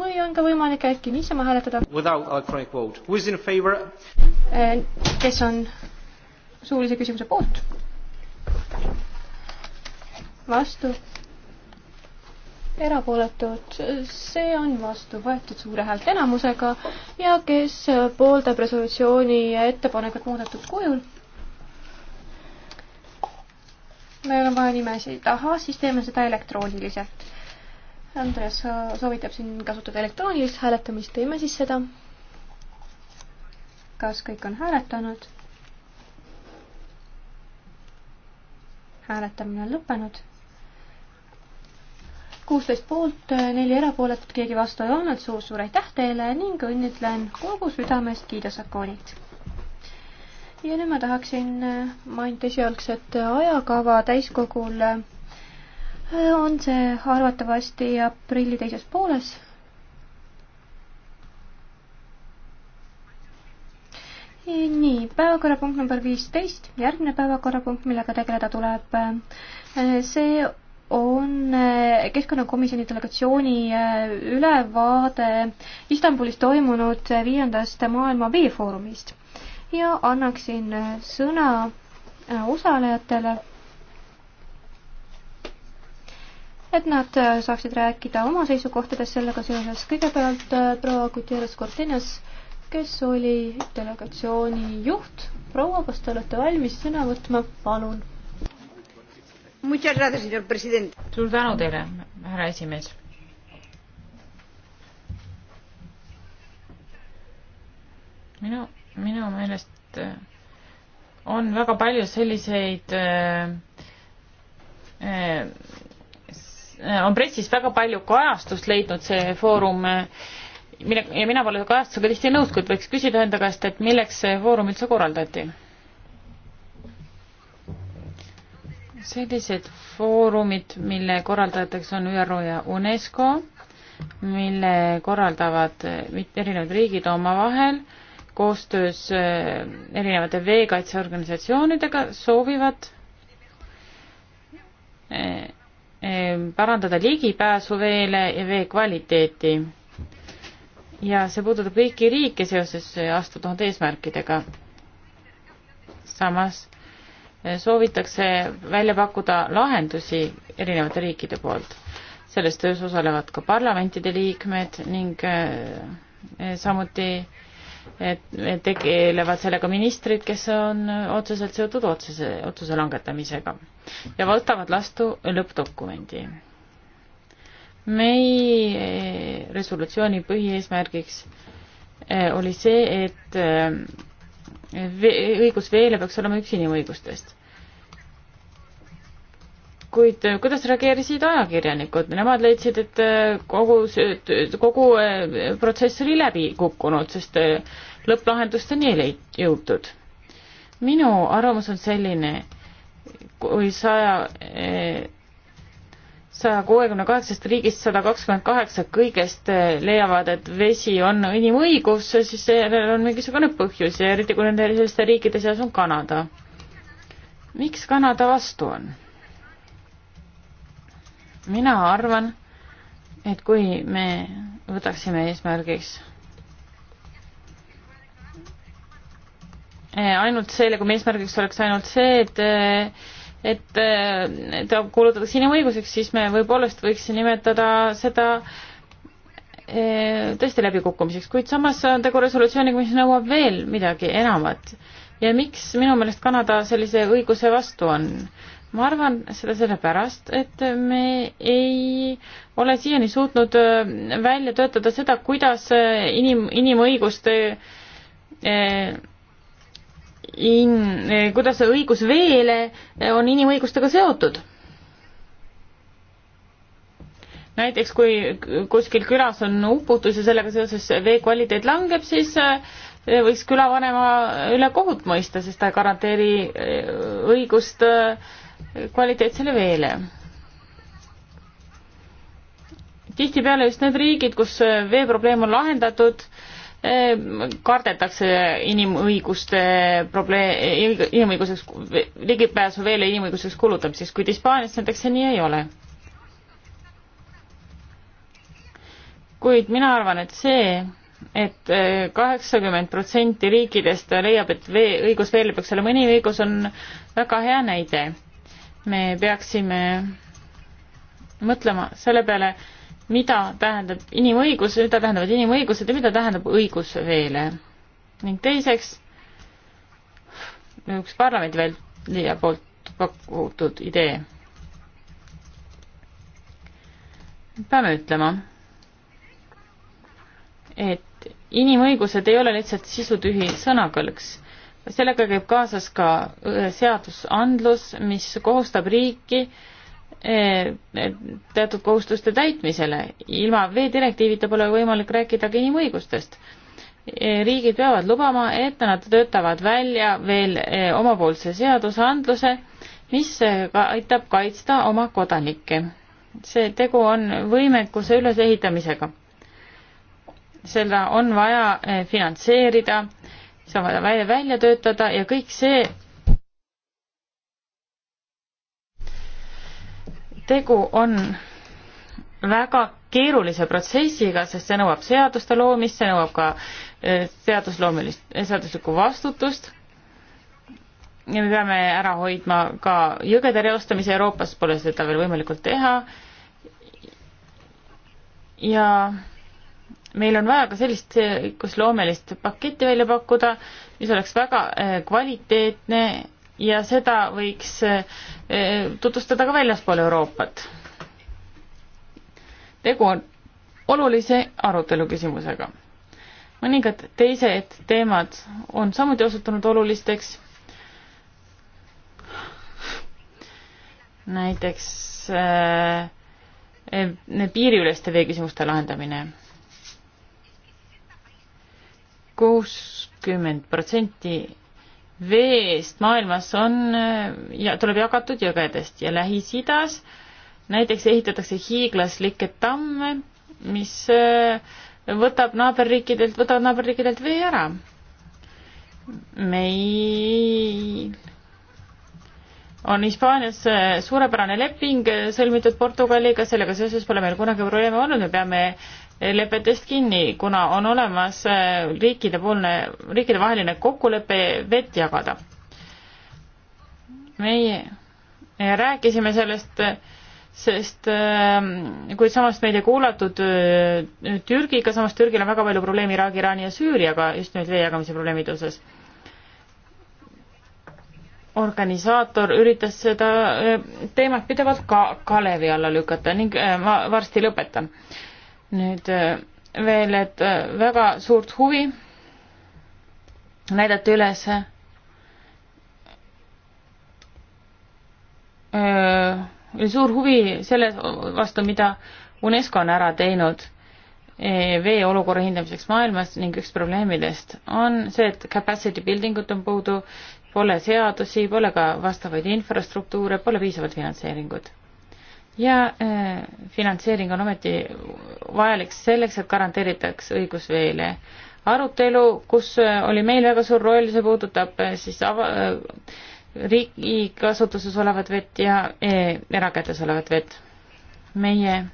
või on ka võimalik äkki niisama hääletada? kes on suulise küsimuse poolt? vastu, erapooletud, see on vastu võetud suure häälteenamusega ja kes pooldab resolutsiooni ettepanekut muudetud kujul meil on vaja nimesid, ahah, siis teeme seda elektrooniliselt. Andres soovitab siin kasutada elektroonilist hääletamist, teeme siis seda. kas kõik on hääletanud? hääletamine on lõppenud kuusteist poolt, neli erapooletut, keegi vastu ei olnud suur,, suur-suur aitäh teile ning õnnitlen kogu südamest Kiida Sakonit. ja nüüd ma tahaksin mainida esialgset ajakava täiskogul. on see arvatavasti aprilli teises pooles. nii, päevakorrapunkt number viisteist, järgmine päevakorrapunkt, millega tegeleda tuleb, see on eh, keskkonnakomisjoni delegatsiooni eh, ülevaade Istanbulis toimunud eh, viiendast maailma veefoorumist ja annaksin sõna osalejatele, et nad saaksid rääkida oma seisukohtadest sellega seoses. kõigepealt proua Gutierrez Cortines, kes oli delegatsiooni juht. proua, kas te olete valmis sõna võtma, palun suur tänu teile, härra esimees. minu, minu meelest äh, on väga palju selliseid äh, äh, on pressis väga palju kajastust leidnud see foorum äh, mille ja mina pole kajastusega tihti nõus, kuid võiks küsida enda käest, et milleks see foorum üldse korraldati sellised foorumid, mille korraldajateks on ÜRO ja UNESCO, mille korraldavad erinevad riigid omavahel koostöös äh, erinevate veekaitseorganisatsioonidega, soovivad äh, äh, parandada ligipääsu veele ja vee kvaliteeti. ja see puudutab kõiki riike seoses aastatuhande eesmärkidega. samas soovitakse välja pakkuda lahendusi erinevate riikide poolt. selles töös osalevad ka parlamentide liikmed ning äh, äh, samuti tegelevad sellega ministrid, kes on otseselt seotud otsese, otsuse langetamisega ja võtavad vastu lõppdokumendi. meie äh, resolutsiooni põhieesmärgiks oli see, et õigus veele peaks olema üks inimõigustest. kuid äh, kuidas reageerisid ajakirjanikud, nemad leidsid, et äh, kogu see, kogu äh, protsess oli läbi kukkunud, sest lõpplahendusteni ei jõutud. minu arvamus on selline, kui saja saja kuuekümne kaheksast riigist sada kakskümmend kaheksa kõigest eh, leiavad, et vesi on inimõigus, siis sellel on mingisugune põhjus ja eriti kui nende selliste riikide seas on Kanada. miks Kanada vastu on? mina arvan, et kui me võtaksime eesmärgiks eh, ainult selle, kui meie eesmärgiks oleks ainult see, et eh, et eh, ta kuulutatakse inimõiguseks, siis me võibollast võiks nimetada seda eh, tõesti läbikukkumiseks, kuid samas on tegu resolutsiooniga, mis nõuab veel midagi enamat. ja miks minu meelest Kanada sellise õiguse vastu on? ma arvan seda sellepärast, et me ei ole siiani suutnud eh, välja töötada seda, kuidas inim, inimõiguste eh, in-, kuidas see õigus veele on inimõigustega seotud. näiteks kui kuskil külas on uputus ja sellega seoses vee kvaliteet langeb, siis äh, võiks külavanema üle kohut mõista, sest ta ei garanteeri äh, õigust äh, kvaliteetsele veele. tihtipeale just need riigid, kus veeprobleem on lahendatud, Ehm, kardetakse inimõiguste probleem, inimõiguseks, ligipääsu veel inimõiguseks kulutamiseks, kuid Hispaanias näiteks see nii ei ole. kuid mina arvan, et see et, et eh, kaheksakümmend protsenti riikidest leiab, et vee, õigus veele peaks olema inimõigus, on väga hea näide. me peaksime mõtlema selle peale, mida tähendab inimõigused, mida tähendavad inimõigused ja mida tähendab õigus veele. ning teiseks, üks parlamendi välja poolt pakutud idee. peame ütlema, et inimõigused ei ole lihtsalt sisutühi sõnakõlks. sellega käib kaasas ka äh, seadusandlus, mis kohustab riiki äh, Eh, teatud kohustuste täitmisele. ilma veedirektiivita pole võimalik rääkida ka inimõigustest. Eh, riigid peavad lubama, et nad töötavad välja veel eh, omapoolse seadusandluse, mis ka aitab kaitsta oma kodanikke. see tegu on võimekuse ülesehitamisega. seda on vaja finantseerida, see on vaja välja töötada ja kõik see tegu on väga keerulise protsessiga, sest see nõuab seaduste loomist, see nõuab ka eh, seadusloomelist, eh, seaduslikku vastutust ja me peame ära hoidma ka jõgede reostamise Euroopas, pole seda veel võimalikult teha. ja meil on vaja ka sellist õigusloomelist eh, paketti välja pakkuda, mis oleks väga kvaliteetne ja seda võiks eh, tutvustada ka väljaspool Euroopat. tegu on olulise arutelu küsimusega. mõningad teised teemad on samuti osutunud olulisteks. näiteks äh, piiriüleste veeküsimuste lahendamine. kuuskümmend protsenti veest maailmas on äh, ja tuleb jagatud jõgedest ja Lähis-Idas näiteks ehitatakse hiiglaslikke tamme, mis äh, võtab naaberriikidelt, võtavad naaberriikidelt vee ära. meil on Hispaanias äh, suurepärane leping sõlmitud Portugaliga, sellega seoses pole meil kunagi probleeme olnud, me peame lepetest kinni, kuna on olemas äh, riikidepoolne, riikidevaheline kokkulepe vett jagada. meie rääkisime sellest, sest ähm, kuid samas meid ei kuulatud äh, Türgiga, samas Türgil on väga palju probleeme Iraagi, Iraani ja Süüriaga just nüüd vee jagamise probleemide osas. organisaator üritas seda äh, teemat pidevalt ka kalevi alla lükata ning ma varsti lõpetan nüüd äh, veel, et äh, väga suurt huvi näidati üles äh, oli suur huvi selle vastu, mida UNESCO on ära teinud e, vee olukorra hindamiseks maailmas ning üks probleemidest on see, et capacity building ut on puudu, pole seadusi, pole ka vastavaid infrastruktuure, pole piisavalt finantseeringut ja äh, finantseering on ometi vajalik selleks, et garanteeritaks õigus veele. arutelu, kus äh, oli meil väga suur roll, see puudutab äh, siis ava- äh,, riigi kasutuses olevat vett ja äh, erakätes olevat vett. meie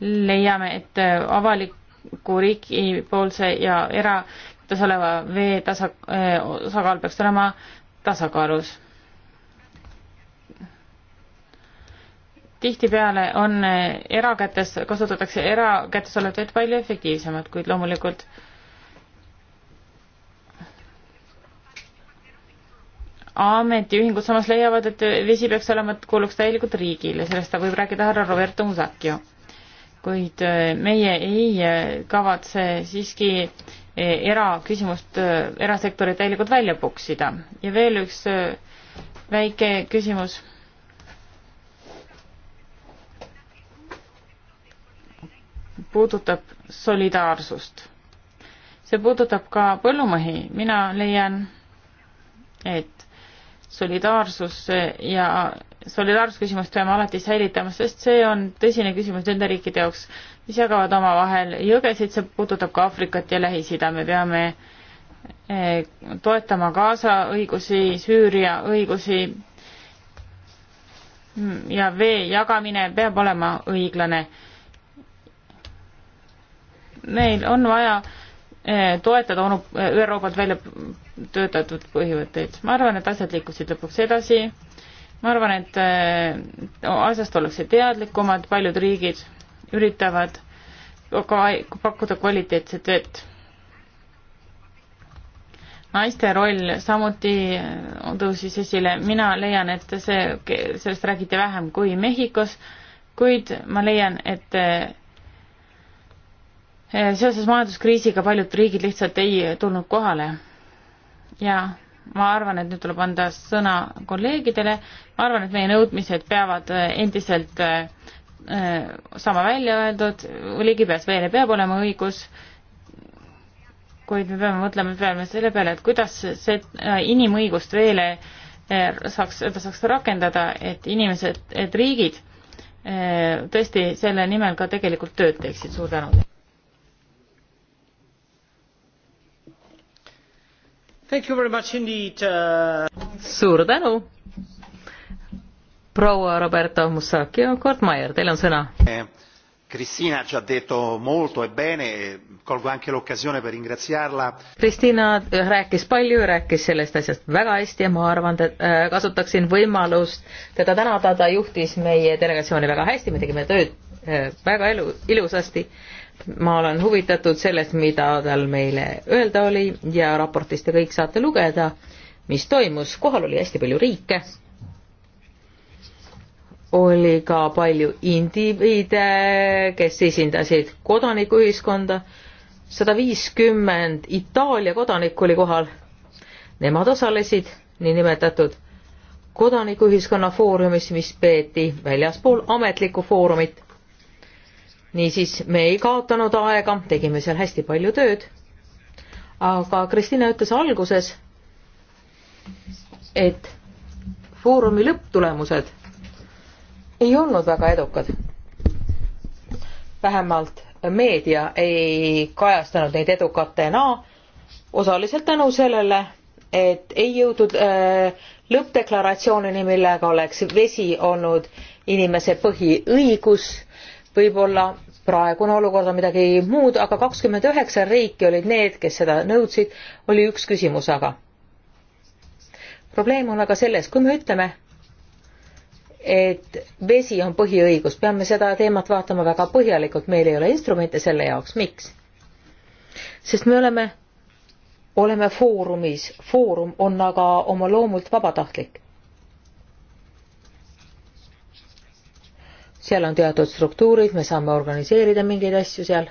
leiame, et äh, avaliku riigipoolse ja erakätes oleva vee tasa äh,, osakaal peaks olema tasakaalus tihtipeale on eh, erakätes, kasutatakse erakätes olevaid palju efektiivsemad, kuid loomulikult ametiühingud samas leiavad, et vesi peaks olema, kuuluks täielikult riigile, sellest ta võib rääkida härra Roberto Musacchio. kuid eh, meie ei eh, kavatse siiski eraküsimust, erasektori täielikult välja puksida ja veel üks väike küsimus puudutab solidaarsust. see puudutab ka põllumehi, mina leian, et solidaarsus ja solidaarsusküsimust peame alati säilitama, sest see on tõsine küsimus nende riikide jaoks, mis jagavad omavahel jõgesid, see puudutab ka Aafrikat ja Lähis-Ida, me peame eh, toetama Gaza õigusi, Süüria õigusi mm, ja vee jagamine peab olema õiglane meil on vaja eh, toetada onu, eh, ÜRO poolt välja töötatud põhimõtteid. ma arvan, et asjad liikusid lõpuks edasi, ma arvan, et eh, asjast ollakse teadlikumad, paljud riigid üritavad pakkuda kvaliteetset vett. naiste roll samuti tõusis esile, mina leian, et see, sellest räägiti vähem kui Mehhikos, kuid ma leian, et seoses majanduskriisiga paljud riigid lihtsalt ei tulnud kohale. ja ma arvan, et nüüd tuleb anda sõna kolleegidele, ma arvan, et meie nõudmised peavad äh, endiselt äh, äh, saama välja öeldud, ligipääsveele peab olema õigus, kuid me peame mõtlema, peame selle peale, et kuidas see inimõigust veele saaks, seda saaks rakendada, et inimesed, et riigid tõesti selle nimel ka tegelikult tööd teeksid, suur tänu teile. Uh, suur tänu! proua Roberta Musacchio, kord Maier, teil on sõna. Eh, Cristina ci ha detto molto e bene, e colgo anche l'occasione per ringraziarla. Cristina eh, rääkis palju, rääkis sellest asjast väga hästi ja ma arvan, et eh, kasutaksin võimalust teda tänada, ta juhtis meie delegatsiooni väga hästi, me tegime tööd väga elu, ilusasti ma olen huvitatud sellest, mida tal meile öelda oli ja raportist te kõik saate lugeda, mis toimus, kohal oli hästi palju riike, oli ka palju indiviide, kes esindasid kodanikuühiskonda, sada viiskümmend Itaalia kodanikku oli kohal, nemad osalesid niinimetatud kodanikuühiskonna foorumis, mis peeti väljaspool ametlikku foorumit niisiis, me ei kaotanud aega, tegime seal hästi palju tööd. aga Kristina ütles alguses, et foorumi lõpptulemused ei olnud väga edukad. vähemalt meedia ei kajastanud neid edukatena, osaliselt tänu sellele, et ei jõudnud äh, lõppdeklaratsioonini, millega oleks vesi olnud inimese põhiõigus võib-olla praegune olukord on midagi muud, aga kakskümmend üheksa riiki olid need, kes seda nõudsid, oli üks küsimus aga. probleem on aga selles, kui me ütleme, et vesi on põhiõigus, peame seda teemat vaatama väga põhjalikult, meil ei ole instrumente selle jaoks, miks? sest me oleme, oleme foorumis, foorum on aga oma loomult vabatahtlik seal on teatud struktuurid, me saame organiseerida mingeid asju seal.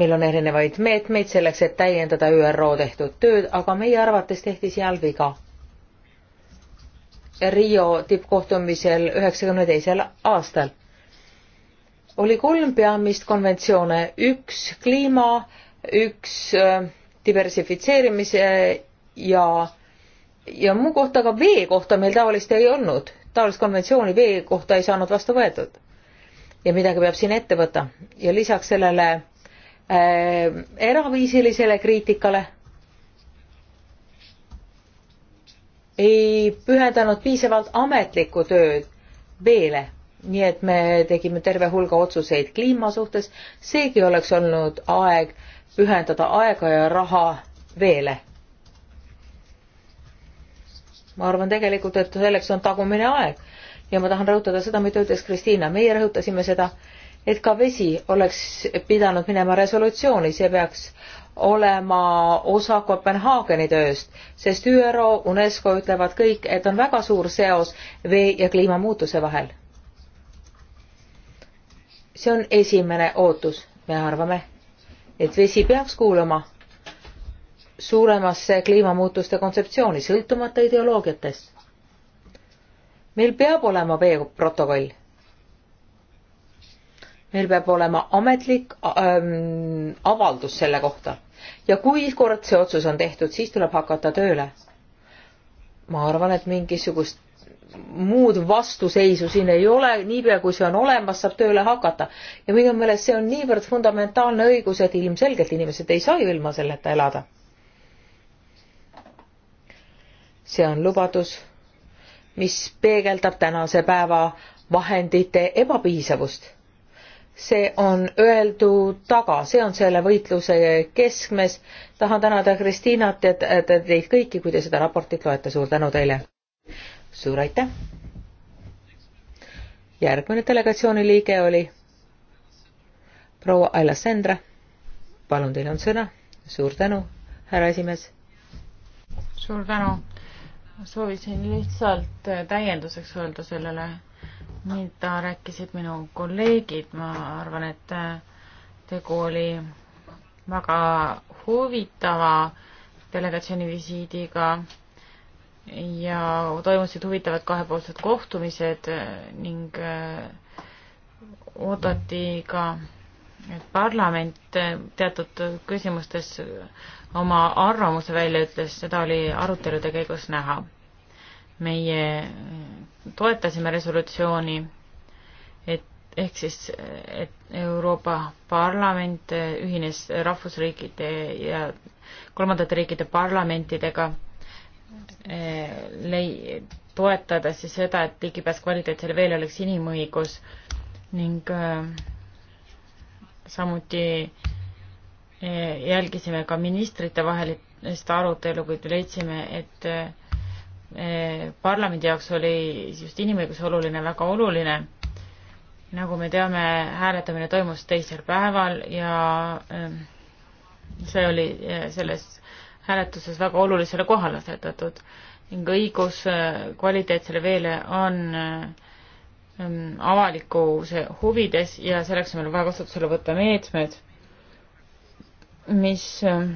meil on erinevaid meetmeid selleks, et täiendada ÜRO tehtud tööd, aga meie arvates tehti seal viga. Rio tippkohtumisel üheksakümne teisel aastal oli kolm peamist konventsioone, üks kliima, üks äh, diversifitseerimise ja ja muu kohta, aga vee kohta meil taolist ei olnud, taolist konventsiooni vee kohta ei saanud vastu võetud. ja midagi peab siin ette võtta ja lisaks sellele äh, eraviisilisele kriitikale ei pühendanud piisavalt ametlikku tööd veele, nii et me tegime terve hulga otsuseid kliima suhtes, seegi oleks olnud aeg pühendada aega ja raha veele ma arvan tegelikult, et selleks on tagumine aeg ja ma tahan rõhutada seda, mida ütles Kristiina, meie rõhutasime seda, et ka vesi oleks pidanud minema resolutsiooni, see peaks olema osa Kopenhaageni tööst, sest ÜRO, UNESCO ütlevad kõik, et on väga suur seos vee ja kliimamuutuse vahel. see on esimene ootus, me arvame, et vesi peaks kuuluma suuremasse kliimamuutuste kontseptsiooni, sõltumata ideoloogiatest. meil peab olema veeprotokoll. meil peab olema ametlik ähm, avaldus selle kohta ja kui kord see otsus on tehtud, siis tuleb hakata tööle. ma arvan, et mingisugust muud vastuseisu siin ei ole, niipea kui see on olemas, saab tööle hakata. ja minu meelest see on niivõrd fundamentaalne õigus, et ilmselgelt inimesed ei saa ju ilma selleta elada see on lubadus, mis peegeldab tänase päeva vahendite ebapiisavust. see on öeldu taga, see on selle võitluse keskmes. tahan tänada Kristiinat ja teid kõiki, kui te seda raportit loete, suur tänu teile. suur aitäh. järgmine delegatsiooni liige oli proua Alessandra. palun, teil on sõna. suur tänu, härra esimees. suur tänu soovisin lihtsalt äh, täienduseks öelda sellele, mida rääkisid minu kolleegid, ma arvan, et äh, tegu oli väga huvitava delegatsiooni visiidiga ja toimusid huvitavad kahepoolsed kohtumised äh, ning oodati ka, et parlament teatud küsimustes oma arvamuse välja ütles, seda oli arutelude käigus näha. meie eh, toetasime resolutsiooni, et ehk siis, eh, et Euroopa Parlament eh, ühines rahvusriikide ja kolmandate riikide parlamentidega lei-, toetades siis seda, et ligipääs kvaliteetsele veele oleks inimõigus ning äh, samuti äh, jälgisime ka ministrite vahelist arutelu, kuid leidsime, et e, parlamendi jaoks oli just inimõigus oluline, väga oluline. nagu me teame, hääletamine toimus teisel päeval ja e, see oli e, selles hääletuses väga olulisele kohale asetatud ning õigus kvaliteetsele veele on avalikkuse huvides ja selleks on meil vaja kasutusele võtta meetmed mis äh,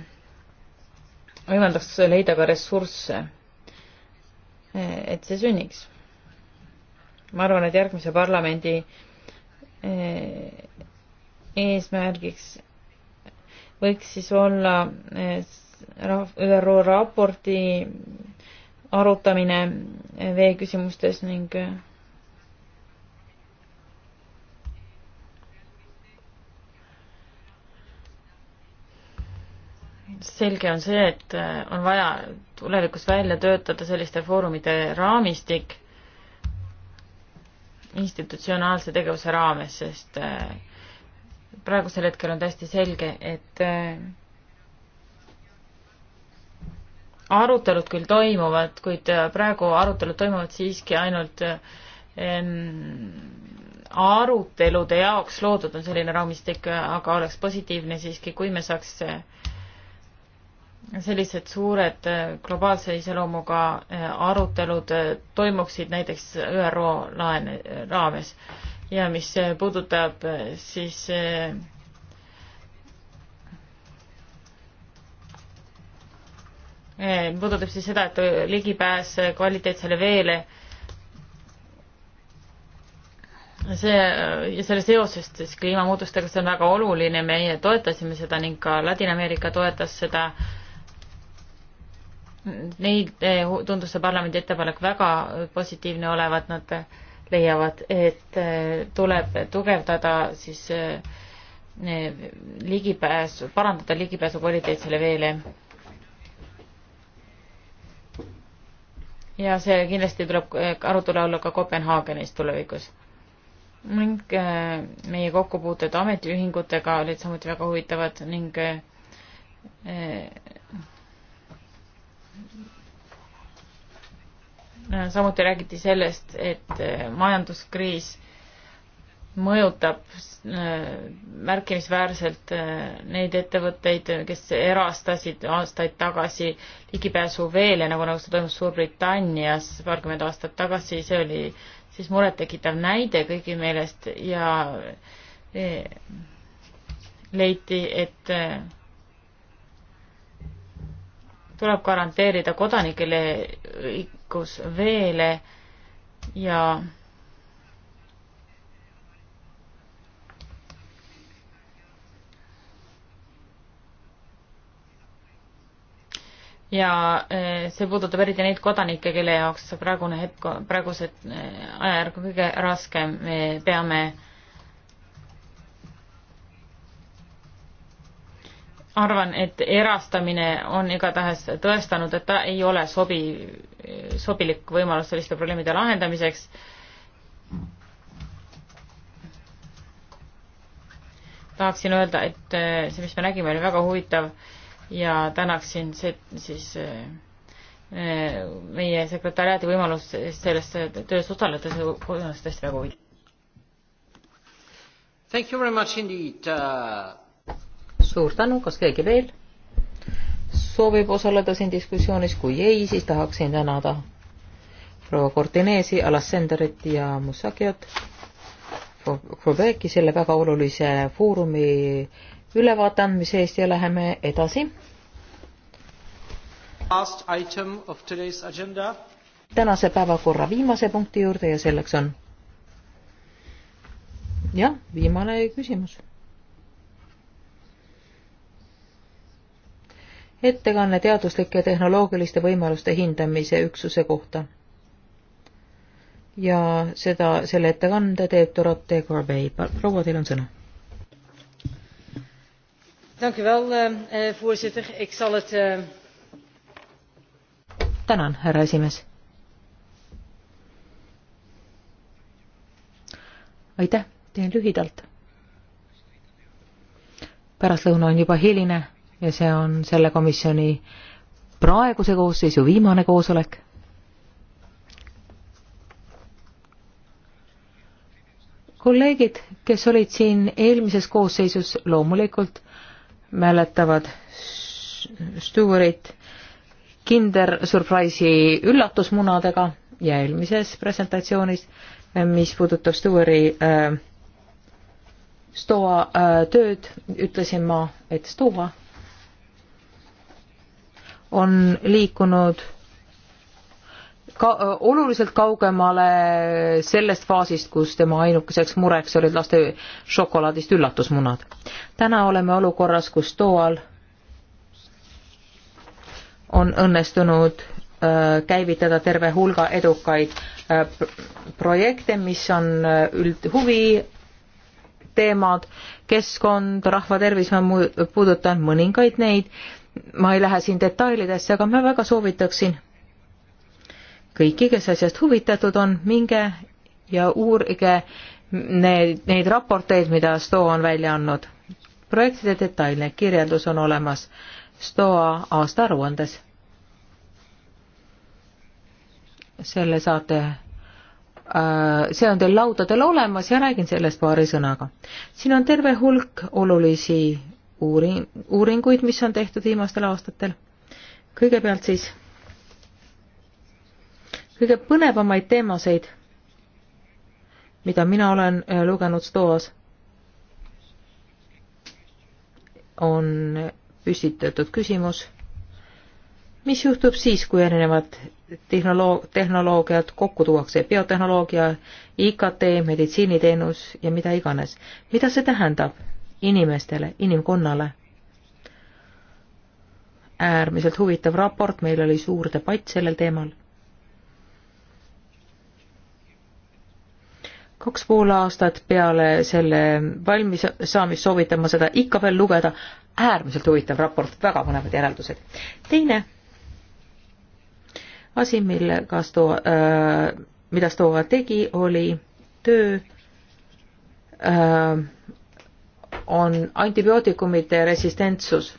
võimaldaks leida ka ressursse, äh, et see sünniks. ma arvan, et järgmise parlamendi äh, eesmärgiks võiks siis olla ÜRO raporti arutamine veeküsimustes ning selge on see, et äh, on vaja tulevikus välja töötada selliste foorumite raamistik institutsionaalse tegevuse raames, sest äh, praegusel hetkel on täiesti selge, et äh, arutelud küll toimuvad, kuid praegu arutelud toimuvad siiski ainult arutelude jaoks loodud on selline raamistik, aga oleks positiivne siiski, kui me saaks sellised suured äh, globaalse iseloomuga äh, arutelud äh, toimuksid näiteks ÜRO laen raames ja mis puudutab siis puudutab siis seda, et ligipääs kvaliteetsele veele see ja sellest seosest siis kliimamuutustega, see on väga oluline, meie toetasime seda ning ka Ladina-Ameerika toetas seda äh, Neid eh, tundus see parlamendi ettepanek väga positiivne olevat, nad leiavad, et eh, tuleb tugevdada siis eh, ligipääsu, parandada ligipääsu kvaliteetsele veele. ja see kindlasti tuleb arutelu alla ka Kopenhaagenis tulevikus ning meie kokkupuuted ametiühingutega olid samuti väga huvitavad ning samuti räägiti sellest, et eh, majanduskriis mõjutab eh, märkimisväärselt eh, neid ettevõtteid, kes erastasid aastaid tagasi ligipääsu veele, nagu nagu see toimus Suurbritannias paarkümmend aastat tagasi, see oli siis murettekitav näide kõigi meelest ja leiti, et tuleb garanteerida kodanikele õigus veele ja ja eh, see puudutab eriti neid kodanikke, kelle jaoks praegune hetk, praegused eh, ajajärk on kõige raskem, me peame äh, arvan, et erastamine on igatahes tõestanud, et ta ei ole sobi, sobilik võimalus selliste probleemide lahendamiseks. tahaksin öelda, et eh, see, mis me nägime, oli väga huvitav ja tänaksin see, siis eh, meie sekretäriaadi võimalus selles töös osaleda, see on tõesti väga huvitav. Thank you very much indeed uh suur tänu, kas keegi veel soovib osaleda siin diskussioonis, kui ei, siis tahaksin tänada proua Cortinesi, Alassanderit ja Musakiat, Quebeci selle väga olulise foorumi ülevaate andmise eest ja läheme edasi. tänase päevakorra viimase punkti juurde ja selleks on jah, viimane küsimus ettekanne teaduslike tehnoloogiliste võimaluste hindamise üksuse kohta. ja seda, selle ettekande teeb Dorothee Corbey. proua, teil on sõna. Eh, eh, eh, tänan, härra esimees. aitäh, teen lühidalt pärastlõuna on juba hiline ja see on selle komisjoni praeguse koosseisu viimane koosolek. kolleegid, kes olid siin eelmises koosseisus, loomulikult mäletavad Stewartit Kinder Surprise'i üllatusmunadega ja eelmises presentatsioonis, mis puudutab Stewarti äh, Stoa äh, tööd, ütlesin ma, et Stoa on liikunud ka, oluliselt kaugemale sellest faasist, kus tema ainukeseks mureks olid laste šokolaadist üllatusmunad. täna oleme olukorras, kus toal on õnnestunud äh, käivitada terve hulga edukaid äh, projekte, mis on äh, üldhuvi teemad, keskkond, rahvatervis, ma puudutan mõningaid neid ma ei lähe siin detailidesse, aga ma väga soovitaksin kõiki, kes asjast huvitatud on, minge ja uurige neid, neid raporteid, mida STOA on välja andnud. projektide detailne kirjeldus on olemas STOA aastaaruandes. selle saate äh, see on teil laudadel olemas ja räägin sellest paari sõnaga. siin on terve hulk olulisi uuring, uuringuid, mis on tehtud viimastel aastatel. kõigepealt siis kõige põnevamaid teemasid, mida mina olen äh, lugenud Stoas, on püstitatud küsimus, mis juhtub siis, kui erinevad tehnoloog-, tehnoloogiad kokku tuuakse, biotehnoloogia, IKT, meditsiiniteenus ja mida iganes. mida see tähendab? inimestele, inimkonnale. äärmiselt huvitav raport, meil oli suur debatt sellel teemal. kaks pool aastat peale selle valmis saamist soovitan ma seda ikka veel lugeda, äärmiselt huvitav raport, väga põnevad järeldused. teine asi, millega Sto- äh,, mida Stova tegi, oli töö äh, on antibiootikumide resistentsus.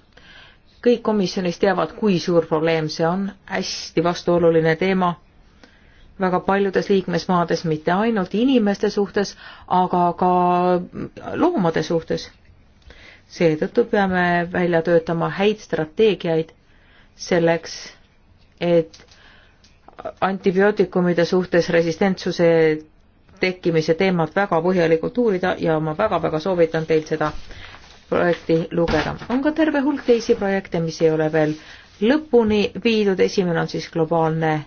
kõik komisjonis teavad, kui suur probleem see on, hästi vastuoluline teema väga paljudes liikmesmaades, mitte ainult inimeste suhtes, aga ka loomade suhtes. seetõttu peame välja töötama häid strateegiaid selleks, et antibiootikumide suhtes resistentsuse tekkimise teemat väga põhjalikult uurida ja ma väga-väga soovitan teil seda projekti lugeda. on ka terve hulk teisi projekte, mis ei ole veel lõpuni viidud, esimene on siis globaalne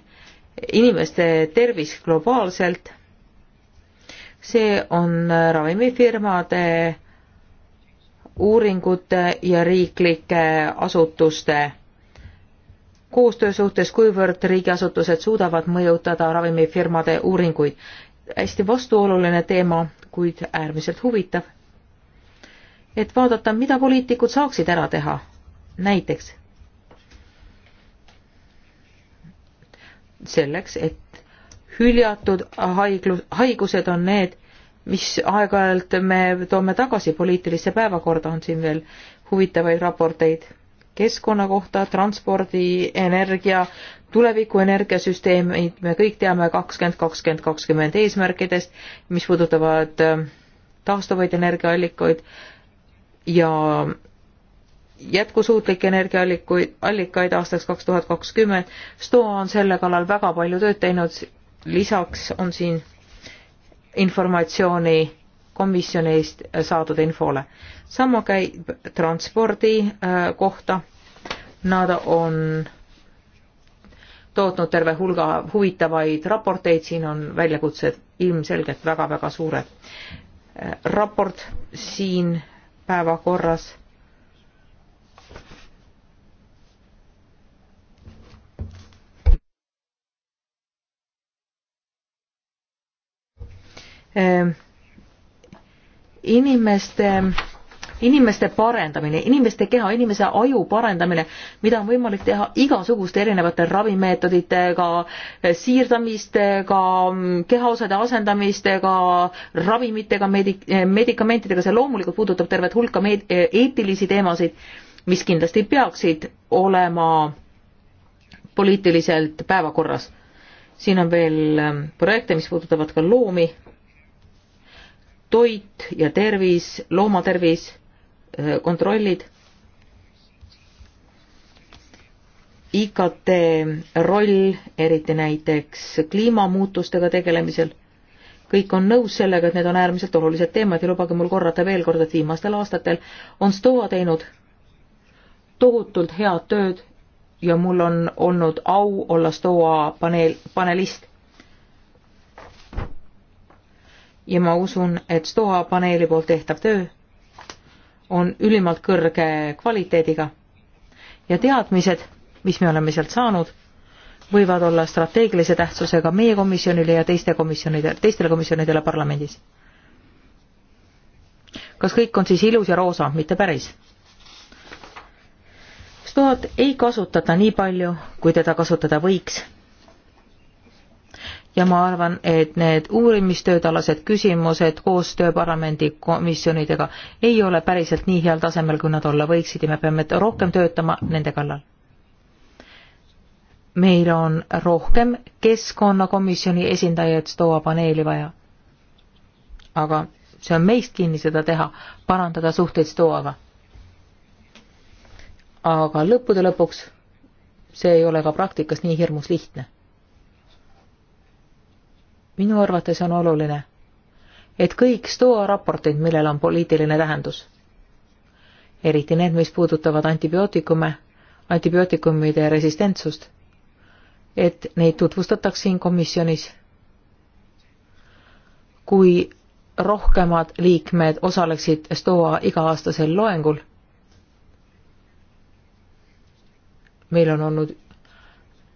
inimeste tervis globaalselt. see on ravimifirmade uuringute ja riiklike asutuste koostöö suhtes, kuivõrd riigiasutused suudavad mõjutada ravimifirmade uuringuid hästi vastuoluline teema, kuid äärmiselt huvitav. et vaadata, mida poliitikud saaksid ära teha. näiteks selleks, et hüljatud haiglus, haigused on need, mis aeg-ajalt me toome tagasi poliitilisse päevakorda, on siin veel huvitavaid raporteid keskkonna kohta, transpordi, energia, tuleviku energiasüsteemid, me kõik teame kakskümmend, kakskümmend, kakskümmend eesmärkidest, mis puudutavad ähm, taastuvaid energiaallikaid ja jätkusuutlikke energiaallikuid, allikaid aastaks kaks tuhat kakskümmend. STOA on selle kallal väga palju tööd teinud, lisaks on siin informatsiooni komisjonist saadud infole. sama käib transpordi äh, kohta. Nad on tootnud terve hulga huvitavaid raporteid, siin on väljakutsed ilmselgelt väga-väga suured. raport siin päevakorras ehm, inimeste inimeste parendamine, inimeste keha, inimese aju parendamine, mida on võimalik teha igasuguste erinevate ravimeetoditega, siirdamistega, kehaosade asendamistega, ravimitega, medik-, medikamentidega, see loomulikult puudutab tervet hulka meed-, eetilisi teemasid, mis kindlasti peaksid olema poliitiliselt päevakorras. siin on veel ähm, projekte, mis puudutavad ka loomi, toit ja tervis, loomatervis Eh, kontrollid. IKT roll, eriti näiteks kliimamuutustega tegelemisel, kõik on nõus sellega, et need on äärmiselt olulised teemad ja lubage mul korrata veel kord, et viimastel aastatel on STOA teinud tohutult head tööd ja mul on olnud au olla STOA paneel, panelist ja ma usun, et STOA paneeli poolt tehtav töö on ülimalt kõrge kvaliteediga ja teadmised, mis me oleme sealt saanud, võivad olla strateegilise tähtsusega meie komisjonile ja teiste komisjonide, teistele komisjonidele parlamendis. kas kõik on siis ilus ja roosa, mitte päris? Stoat ei kasutata nii palju, kui teda kasutada võiks ja ma arvan, et need uurimistööd, alased küsimused, koostöö parlamendi komisjonidega ei ole päriselt nii heal tasemel, kui nad olla võiksid ja me peame rohkem töötama nende kallal. meil on rohkem keskkonnakomisjoni esindajaid STOA paneeli vaja. aga see on meist kinni seda teha, parandada suhteid STOA-ga. aga lõppude lõpuks see ei ole ka praktikas nii hirmus lihtne minu arvates on oluline, et kõik STOA raportid, millel on poliitiline tähendus, eriti need, mis puudutavad antibiootikume, antibiootikumide resistentsust, et neid tutvustataks siin komisjonis kui rohkemad liikmed osaleksid STOA iga-aastasel loengul. meil on olnud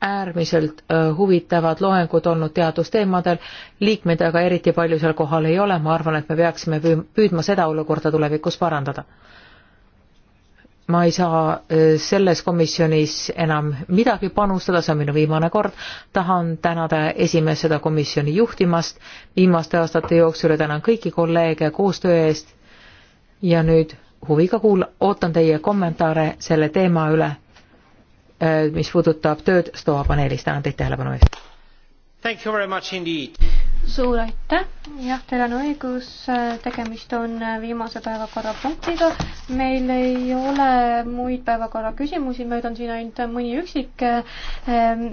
äärmiselt huvitavad loengud olnud teadusteemadel, liikmeid aga eriti palju seal kohal ei ole, ma arvan, et me peaksime püüdma seda olukorda tulevikus parandada. ma ei saa selles komisjonis enam midagi panustada, see on minu viimane kord, tahan tänada esimees seda komisjoni juhtimast, viimaste aastate jooksul ja tänan kõiki kolleege koostöö eest ja nüüd huviga kuul-, ootan teie kommentaare selle teema üle Äh, mis puudutab tööd STOA paneelis. tänan teid tähelepanu eest! suur aitäh, jah, teil on õigus, tegemist on viimase päevakorrapunktiga. meil ei ole muid päevakorraküsimusi, meid on siin ainult mõni üksik. Ehm,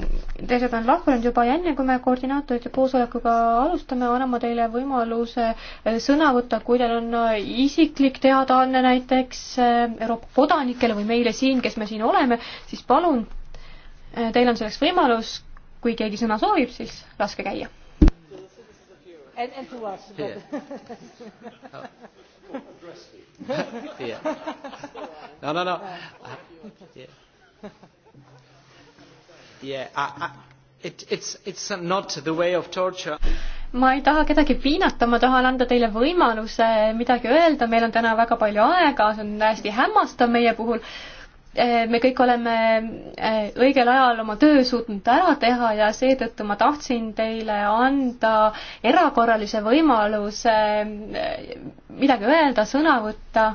teised on lahkunud juba ja enne kui me koordinaatorite koosolekuga alustame, annan ma teile võimaluse eh, sõna võtta, kui teil on eh, isiklik teadaanne näiteks eh, Euroopa kodanikele või meile siin, kes me siin oleme, siis palun, teil on selleks võimalus, kui keegi sõna soovib, siis laske käia and, and to us. But yeah. oh. yeah. No, no, no. Uh, yeah. Yeah, I, I, it, it's, it's not the way of torture. ma ei taha kedagi piinata, ma tahan anda teile võimaluse midagi öelda, meil on täna väga palju aega, see on hästi hämmastav meie puhul Eh, me kõik oleme eh, õigel ajal oma töö suutnud ära teha ja seetõttu ma tahtsin teile anda erakorralise võimaluse eh, midagi öelda, sõna võtta.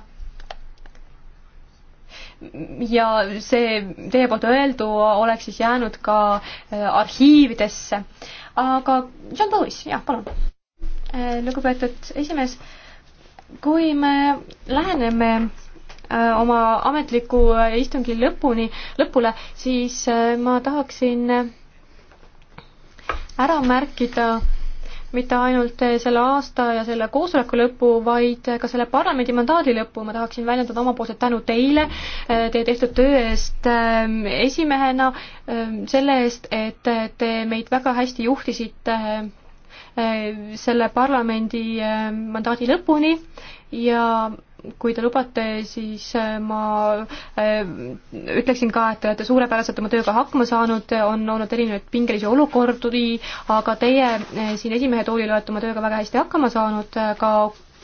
ja see teie poolt öeldu oleks siis jäänud ka arhiividesse. aga Jean-Louis, jah, palun. lugupeetud esimees, kui me läheneme Äh, oma ametliku äh, istungi lõpuni, lõpule, siis äh, ma tahaksin ära märkida mitte ainult selle aasta ja selle koosoleku lõppu, vaid ka selle parlamendi mandaadi lõppu, ma tahaksin väljendada omapoolset tänu teile, teie tehtud töö eest esimehena, selle eest, et te meid väga hästi juhtisite selle parlamendi mandaadi lõpuni ja kui te lubate, siis äh, ma äh, ütleksin ka, et te olete suurepäraselt oma tööga hakkama saanud, on olnud erinevaid pingelisi olukordi, aga teie äh, siin esimehe toolil olete oma tööga väga hästi hakkama saanud, ka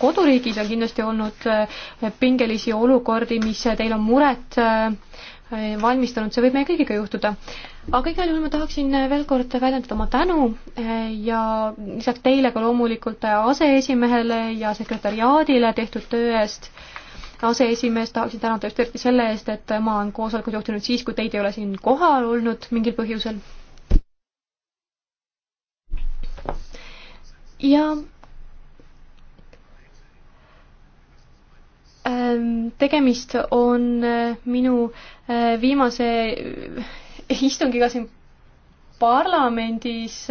koduriigis on kindlasti olnud pingelisi olukordi, mis teil on muret Äh, valmistanud, see võib meie kõigiga juhtuda. aga igal juhul ma tahaksin äh, veel kord väljendada oma tänu äh, ja lisaks teile ka loomulikult aseesimehele ja sekretäriaadile tehtud töö eest. aseesimees tahaksin tänada just eriti selle eest, et ma olen koosolekut juhtinud siis, kui teid ei ole siin kohal olnud mingil põhjusel. ja Ähm, tegemist on äh, minu äh, viimase äh, istungiga siin parlamendis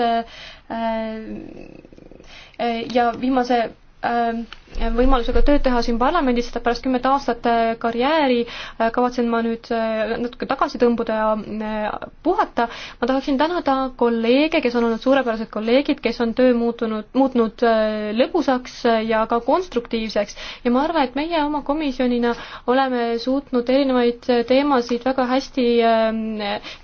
ja viimase ähm, võimalusega tööd teha siin parlamendis, sest pärast kümmet aastat äh, karjääri äh, kavatsen ma nüüd äh, natuke tagasi tõmbuda ja puhata. ma tahaksin tänada kolleege, kes on olnud suurepärased kolleegid, kes on töö muutunud, muutnud lõbusaks ja ka konstruktiivseks ja ma arvan, et meie oma komisjonina oleme suutnud erinevaid teemasid väga hästi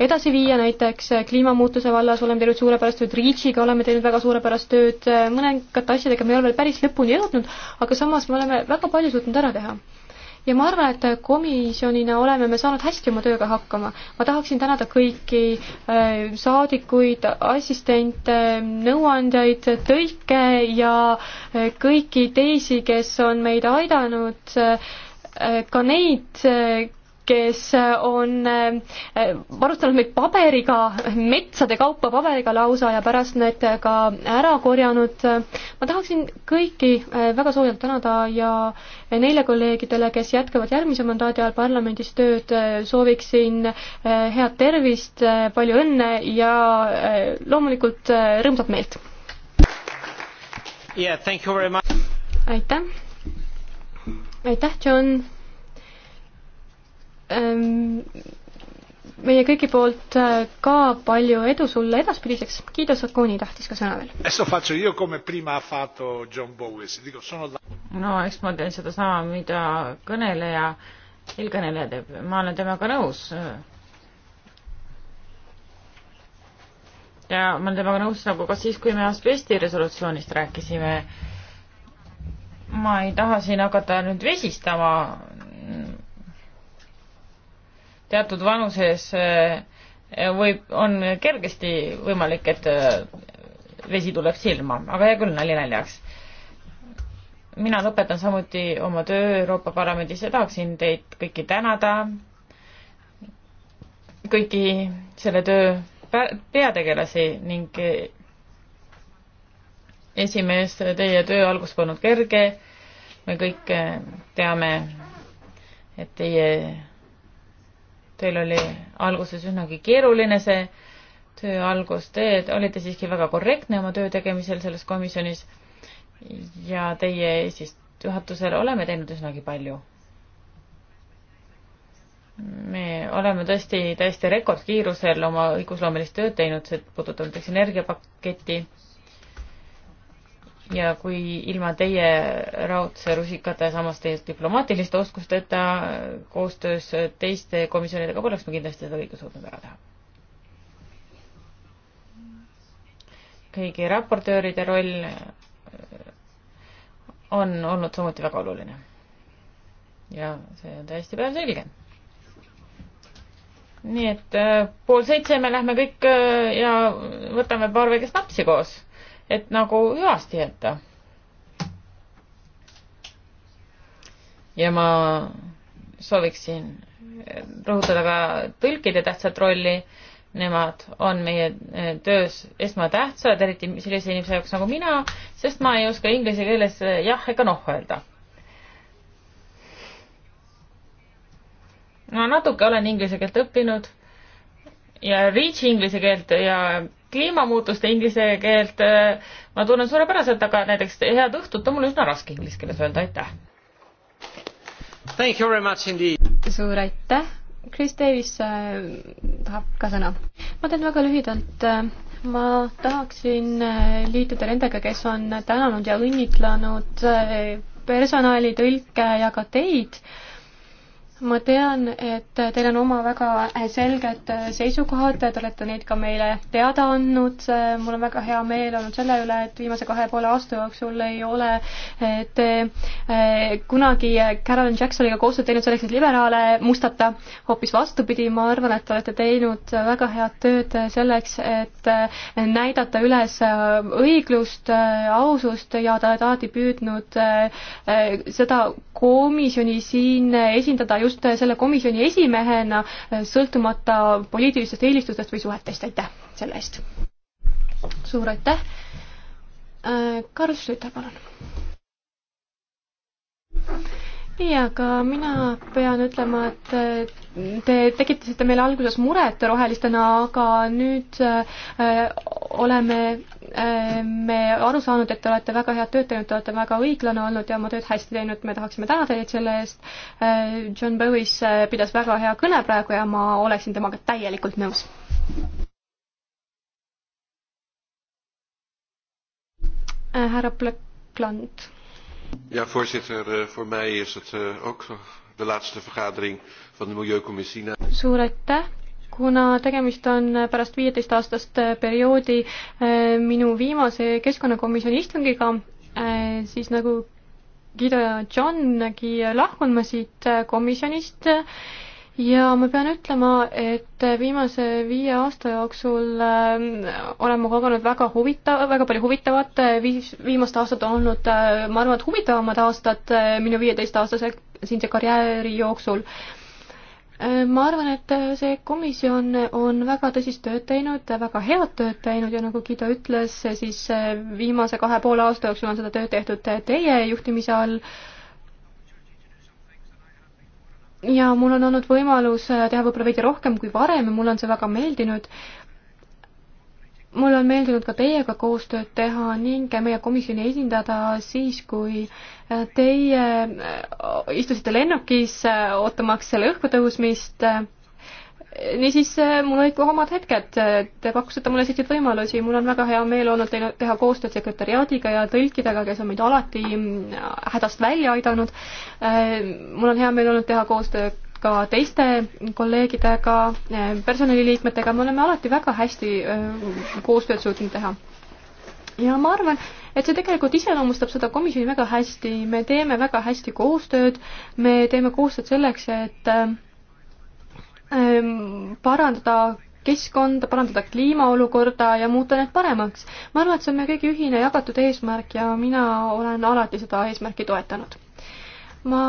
edasi viia, näiteks kliimamuutuse vallas oleme teinud suurepärast tööd, REACH-iga oleme teinud väga suurepärast tööd, mõningate asjadega me ei ole veel päris lõpuni jõudnud, aga samas me oleme väga palju suutnud ära teha ja ma arvan, et komisjonina oleme me saanud hästi oma tööga hakkama. ma tahaksin tänada kõiki äh, saadikuid, assistente, nõuandjaid, tõlke ja äh, kõiki teisi, kes on meid aidanud, äh, ka neid, kes on eh, varustanud meid paberiga, metsade kaupa paberiga lausa ja pärast need ka ära korjanud. ma tahaksin kõiki eh, väga soojalt tänada ja neile kolleegidele, kes jätkavad järgmise mandaadi ajal parlamendis tööd, sooviksin eh, head tervist, palju õnne ja loomulikult rõõmsat meelt yeah,! aitäh! aitäh, John! Ehm, meie kõigi poolt äh, ka palju edu sulle edaspidiseks. Guido Sacconi tahtis ka sõna veel. no eks ma teen sedasama, mida kõneleja, eelkõneleja teeb, ma olen temaga nõus. ja ma olen temaga nõus nagu ka siis, kui me asbesti resolutsioonist rääkisime. ma ei taha siin hakata nüüd vesistama teatud vanuses eh, võib, on kergesti võimalik, et eh, vesi tuleb silma, aga hea küll, nali naljaks. mina lõpetan samuti oma töö Euroopa Parlamendis ja tahaksin teid kõiki tänada, kõiki selle töö peategelasi ning eh, esimees, teie töö algus polnud kerge, me kõik teame, et teie Teil oli alguses üsnagi keeruline see töö algus, te olite siiski väga korrektne oma töö tegemisel selles komisjonis ja teie eesistujuhatusel oleme teinud üsnagi palju. me oleme tõesti täiesti rekordkiirusel oma õigusloomelist tööd teinud, see puudutab näiteks energiapaketti ja kui ilma teie raudse rusikata ja samas teie diplomaatiliste oskusteta koostöös teiste komisjonidega poleks me kindlasti seda kõike suutnud ära teha. kõigi raportööride roll on olnud samuti väga oluline. ja see on täiesti päevselge. nii et äh, pool seitse me lähme kõik äh, ja võtame paar väikest napsi koos et nagu hüvasti jätta. ja ma sooviksin rõhutada ka tõlkide tähtsat rolli. Nemad on meie eh, töös esmatähtsad, eriti sellise inimese jaoks nagu mina, sest ma ei oska inglise keeles eh, jah ega noh öelda. ma natuke olen inglise keelt õppinud ja reach inglise keelt ja kliimamuutuste inglise keelt äh, ma tunnen suurepäraselt, aga näiteks head õhtut on mul üsna raske inglise keeles öelda, aitäh. Thank you very much indeed. suur aitäh. Chris Davis äh, tahab ka sõna. ma teen väga lühidalt äh, ma tahaksin äh, liituda nendega, kes on tänanud ja õnnitlenud äh, personali, tõlke ja ka teid äh, ma tean, et teil on oma väga selged seisukohad, te olete neid ka meile teada andnud. mul on väga hea meel olnud selle üle, et viimase kahe poole aasta jooksul ei ole te eh, kunagi Carolyn Jacksoniga koostööd teinud selleks, et liberaale mustata. hoopis vastupidi, ma arvan, et te olete teinud väga head tööd selleks, et näidata üles õiglust, ausust ja te olete alati püüdnud eh, eh, seda komisjoni siin esindada just äh, selle komisjoni esimehena, äh, sõltumata poliitilistest eelistustest või suhetest, aitäh selle eest! suur aitäh! Äh, Karl Schlüter, palun! ja ka mina pean ütlema, et Te tekitasite meile alguses muret rohelistena, aga nüüd äh, oleme äh, me aru saanud, et te olete väga head tööd teinud, te olete väga õiglane olnud ja oma tööd hästi teinud, me tahaksime tänada teid selle eest äh,. John Bowis äh, pidas väga hea kõne praegu ja ma oleksin temaga täielikult nõus. Äh, härra Plekland. ja voorzitter, eh, voor mij is het eh, ook de laatste vergadering van de Milieucommissie naar. Suur aitäh, kuna tegemist on pärast viieteistaastast perioodi eh, minu viimase keskkonnakomisjoni istungiga, eh, siis nagu Guido ja Johnnegi lahkun ma siit eh, komisjonist ja ma pean ütlema, et viimase viie aasta jooksul olen ma kogenud väga huvitav, väga palju huvitavat, viis, viimased aastad on olnud, ma arvan, et huvitavamad aastad minu viieteistaastase siinse karjääri jooksul Äh, ma arvan, et äh, see komisjon on väga tõsist tööd teinud, väga head tööd teinud ja nagu Guido ütles, siis äh, viimase kahe poole aasta jooksul on seda tööd tehtud teie juhtimise all. ja mul on olnud võimalus teha võib-olla veidi rohkem kui varem ja mulle on see väga meeldinud, mul on meeldinud ka teiega koostööd teha ning meie komisjoni esindada siis, kui äh, teie äh, istusite lennukis äh, ootamaks selle õhkutõusmist. niisiis, mul olid ka omad hetked, te pakkusite mulle selliseid võimalusi, mul on väga hea meel olnud teile teha koostööd sekretäriaadiga ja tõlkidega, kes on meid alati hädast välja aidanud. mul on hea meel olnud teha koostööd ka teiste kolleegidega, personaliliikmetega, me oleme alati väga hästi äh, koostööd suutnud teha. ja ma arvan, et see tegelikult iseloomustab seda komisjoni väga hästi, me teeme väga hästi koostööd, me teeme koostööd selleks, et äh, ähm, parandada keskkonda, parandada kliimaolukorda ja muuta need paremaks. ma arvan, et see on meie kõigi ühine jagatud eesmärk ja mina olen alati seda eesmärki toetanud. ma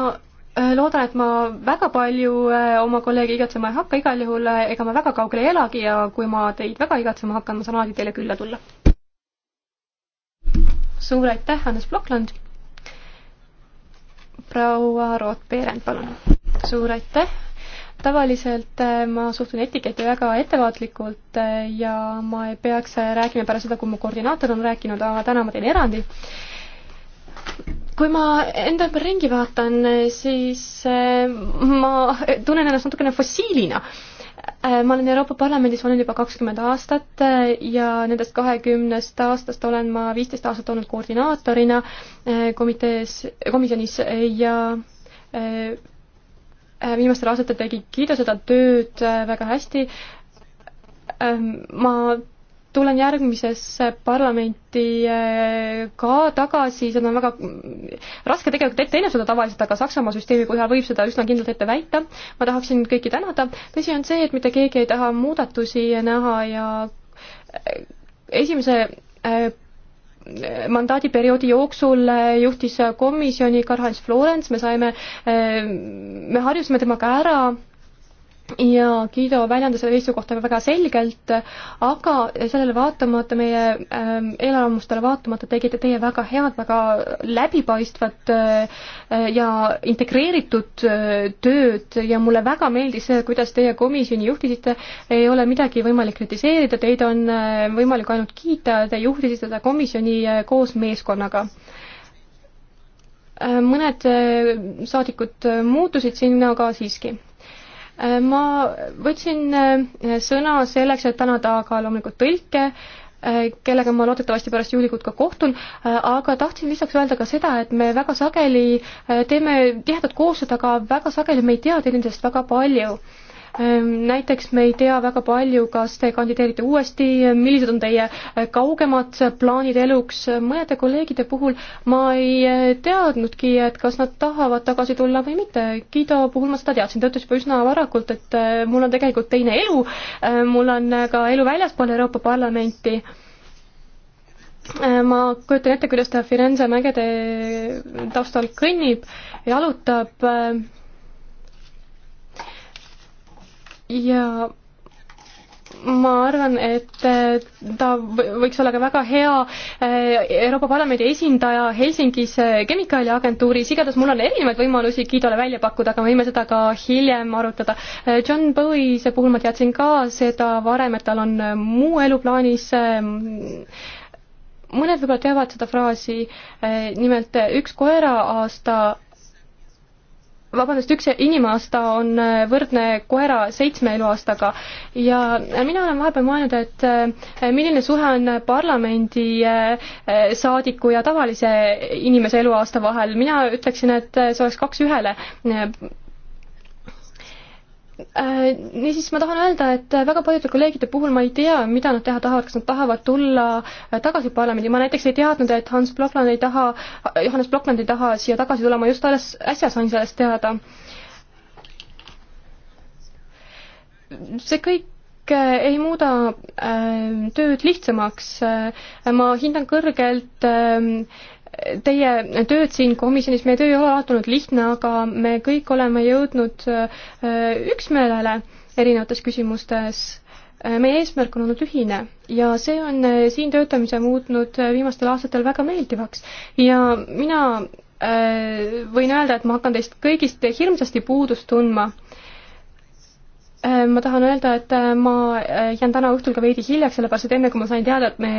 Äh, loodan, et ma väga palju äh, oma kolleege igatsema ei hakka, igal juhul äh, ega ma väga kaugele ei elagi ja kui ma teid väga igatsema hakkan, ma saan alati teile külla tulla. suur aitäh, Hannes Blokland. proua Rootbeerend, palun. suur aitäh. tavaliselt ma suhtun etiketi väga ettevaatlikult ja ma ei peaks rääkima pärast seda, kui mu koordinaator on rääkinud, aga täna ma teen erandi kui ma enda ümber ringi vaatan, siis eh, ma tunnen ennast natukene fossiilina. Eh, ma olen Euroopa Parlamendis olnud juba kakskümmend aastat eh, ja nendest kahekümnest aastast olen ma viisteist aastat olnud koordinaatorina komitees, komisjonis ja viimastel aastatel tegi Guido seda tööd väga hästi. ma tulen järgmisesse parlamenti eh, ka tagasi, seda on väga raske tegelikult ette ennustada tavaliselt, aga Saksamaa süsteemi põhjal võib seda üsna kindlalt ette väita. ma tahaksin kõiki tänada, tõsi on see, et mitte keegi ei taha muudatusi näha ja eh, esimese eh, mandaadiperioodi jooksul juhtis komisjoni Karl-Heinz Florenz, me saime, me harjusime temaga ära ja Guido väljendas seda seisukohta väga selgelt, aga sellele vaatamata, meie ähm, eelarvamustele vaatamata tegite teie väga head, väga läbipaistvat äh, ja integreeritud äh, tööd ja mulle väga meeldis see, kuidas teie komisjoni juhtisite. ei ole midagi võimalik kritiseerida, teid on äh, võimalik ainult kiita, te juhtisite seda komisjoni koos meeskonnaga mõned saadikud muutusid sinna, aga siiski Äh, ma võtsin äh, sõna selleks, et tänada ka loomulikult tõlke, äh, kellega ma loodetavasti pärast juulikuud ka kohtun, aga tahtsin lisaks öelda ka seda, et me väga sageli teeme tihedat koostööd, aga väga sageli me ei tea teineteisest väga palju Ehm, näiteks me ei tea väga palju, kas te kandideerite uuesti, millised on teie eh, kaugemad plaanid eluks, mõnede kolleegide puhul ma ei eh, teadnudki, et kas nad tahavad tagasi tulla või mitte. Guido puhul ma seda teadsin, ta ütles juba üsna varakult, et eh, mul on tegelikult teine elu, mul on ka elu väljaspool Euroopa Parlamenti ma kujutan ette, kuidas ta Firenze mägede taustal kõnnib, jalutab ja ja ma arvan, et ta võiks olla ka väga hea eh, Euroopa Parlamendi esindaja Helsingis eh, kemikaaliagentuuris, igatahes mul on erinevaid võimalusi Guidole välja pakkuda, aga me võime seda ka hiljem arutada. Eh, John Bowie'se puhul ma teadsin ka seda varem, et tal on muu elu plaanis mõned võib-olla teavad seda fraasi, nimelt üks koera aasta vabandust, üks inimaasta on äh, võrdne koera seitsme eluaastaga ja äh, mina olen vahepeal mõelnud, et äh, milline suhe on parlamendi saadiku ja tavalise inimese eluaasta vahel, mina ütleksin, et see oleks kaks ühele Äh, niisiis, ma tahan öelda, et äh, väga paljude kolleegide puhul ma ei tea, mida nad teha tahavad, kas nad tahavad tulla äh, tagasi parlamendi, ma näiteks ei teadnud, et Hans Blokland ei taha, Johannes Blokland ei taha siia tagasi tulla, ma just alles äsja sain sellest teada. see kõik kõik ei muuda äh, tööd lihtsamaks äh,. ma hindan kõrgelt äh, teie tööd siin komisjonis, meie töö ei ole alati olnud lihtne, aga me kõik oleme jõudnud äh, üksmeelele erinevates küsimustes. Äh, meie eesmärk on olnud ühine ja see on äh, siin töötamise muutnud viimastel aastatel väga meeldivaks ja mina võin öelda, et ma hakkan teist kõigist hirmsasti puudust tundma Äh, ma tahan öelda, et äh, ma äh, jään täna õhtul ka veidi hiljaks, sellepärast et enne kui ma sain teada, et me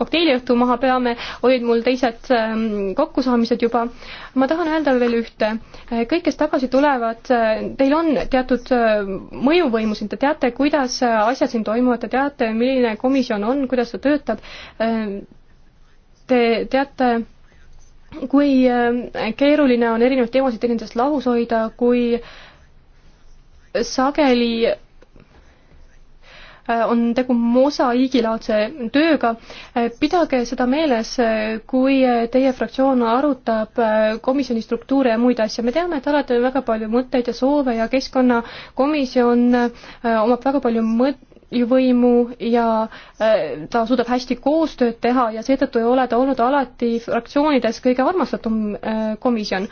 kokteiliõhtu maha peame, olid mul teised ähm, kokkusaamised juba. ma tahan öelda veel ühte. kõik, kes tagasi tulevad, teil on teatud mõjuvõimu siin, te teate, kuidas asjad siin toimuvad, te teate, milline komisjon on, kuidas ta töötab. Te teate kui keeruline on erinevaid teemasid teineteisest lahus hoida, kui äh, sageli äh, on tegu mosaiigilaadse tööga. Äh, pidage seda meeles, kui teie fraktsioon arutab äh, komisjoni struktuure ja muid asju. me teame, et alati on väga palju mõtteid ja soove ja keskkonnakomisjon omab väga palju mõt-, võimu ja ta suudab hästi koostööd teha ja seetõttu ei ole ta olnud alati fraktsioonides kõige armastatum komisjon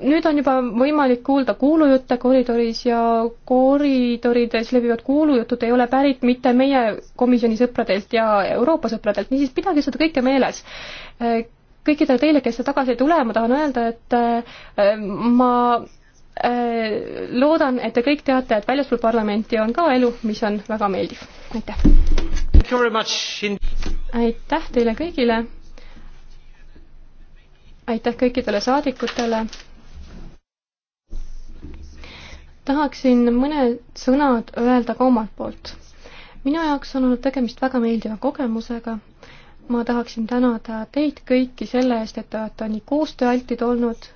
nüüd on juba võimalik kuulda kuulujutte koridoris ja koridorides levivad kuulujutud ei ole pärit mitte meie komisjoni sõpradelt ja Euroopa sõpradelt, niisiis pidage seda kõike meeles. kõikidele teile, kes tagasi ei tule, ma tahan öelda, et äh, ma äh, loodan, et te kõik teate, et väljaspool parlamenti on ka elu, mis on väga meeldiv. aitäh! aitäh teile kõigile! aitäh kõikidele saadikutele. tahaksin mõned sõnad öelda ka omalt poolt. minu jaoks on olnud tegemist väga meeldiva kogemusega. ma tahaksin tänada teid kõiki selle eest, et te olete nii koostööaltid olnud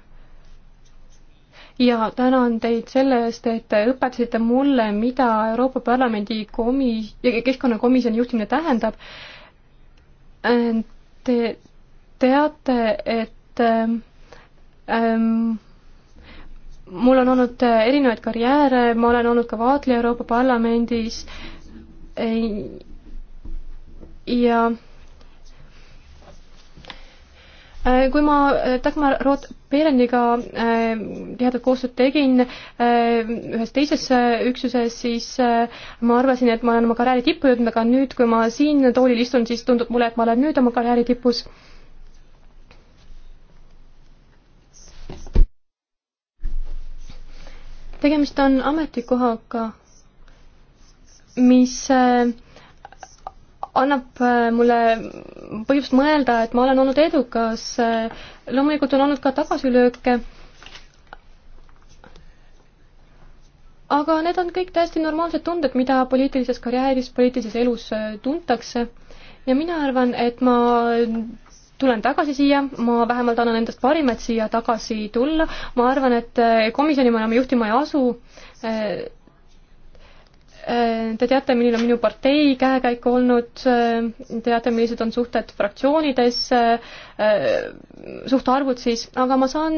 ja tänan teid selle eest, et te õpetasite mulle, mida Euroopa Parlamendi komi-, keskkonnakomisjoni juhtimine tähendab. Te teate, et et ähm, mul on olnud äh, erinevaid karjääre, ma olen olnud ka vaatleja Euroopa Parlamendis ja äh, kui ma äh, Dagmar Roth-Berendiga tihedat koostööd tegin ühes teises üksuses, siis ma arvasin, et ma olen oma karjääri tippu jõudnud, aga nüüd, kui ma siin toolil istun, siis tundub mulle, et ma olen nüüd oma karjääri tipus tegemist on ametikohaga, mis äh, annab äh, mulle põhjust mõelda, et ma olen olnud edukas. Äh, loomulikult on olnud ka tagasilööke. aga need on kõik täiesti normaalsed tunded, mida poliitilises karjääris, poliitilises elus tuntakse ja mina arvan, et ma tulen tagasi siia, ma vähemalt annan endast parima, et siia tagasi tulla. ma arvan, et eh, komisjoni me enam juhtima ei asu. Eh, eh, te teate, milline on minu partei käekäik olnud, teate, millised on suhted fraktsioonides, suhtarvud siis, aga ma saan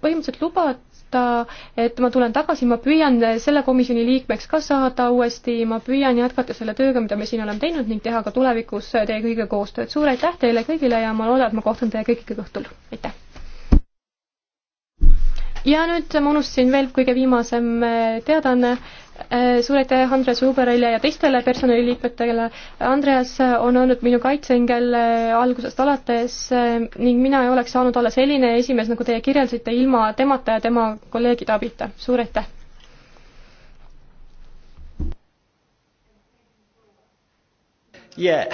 põhimõtteliselt lubada, loota, et ma tulen tagasi, ma püüan selle komisjoni liikmeks ka saada uuesti, ma püüan jätkata selle tööga, mida me siin oleme teinud ning teha ka tulevikus teie kõigiga koostööd. suur aitäh teile kõigile ja ma loodan, et ma kohtun teie kõigiga õhtul. aitäh! ja nüüd ma unustasin veel kõige viimasem eh, teadaanne Äh, suur aitäh Andres Uberile ja teistele personaliliikmetele. Andreas on olnud minu kaitseingel äh, algusest alates äh, ning mina ei oleks saanud olla selline esimees, nagu teie kirjeldasite, ilma temata ja tema kolleegide abita. suur aitäh! Yeah,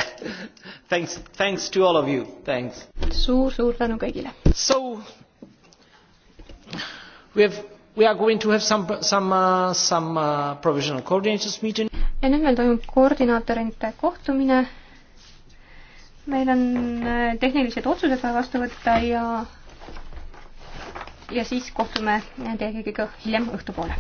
thanks, thanks to all of you, thanks. suur-suur tänu kõigile. So we have We are going to have some, some uh,, some uh, provisional coordinators meeting. ja nüüd meil toimub koordinaatorite kohtumine. meil on äh, tehnilised otsused vaja vastu võtta ja ja siis kohtume äh, teiega hiljem õhtupoole.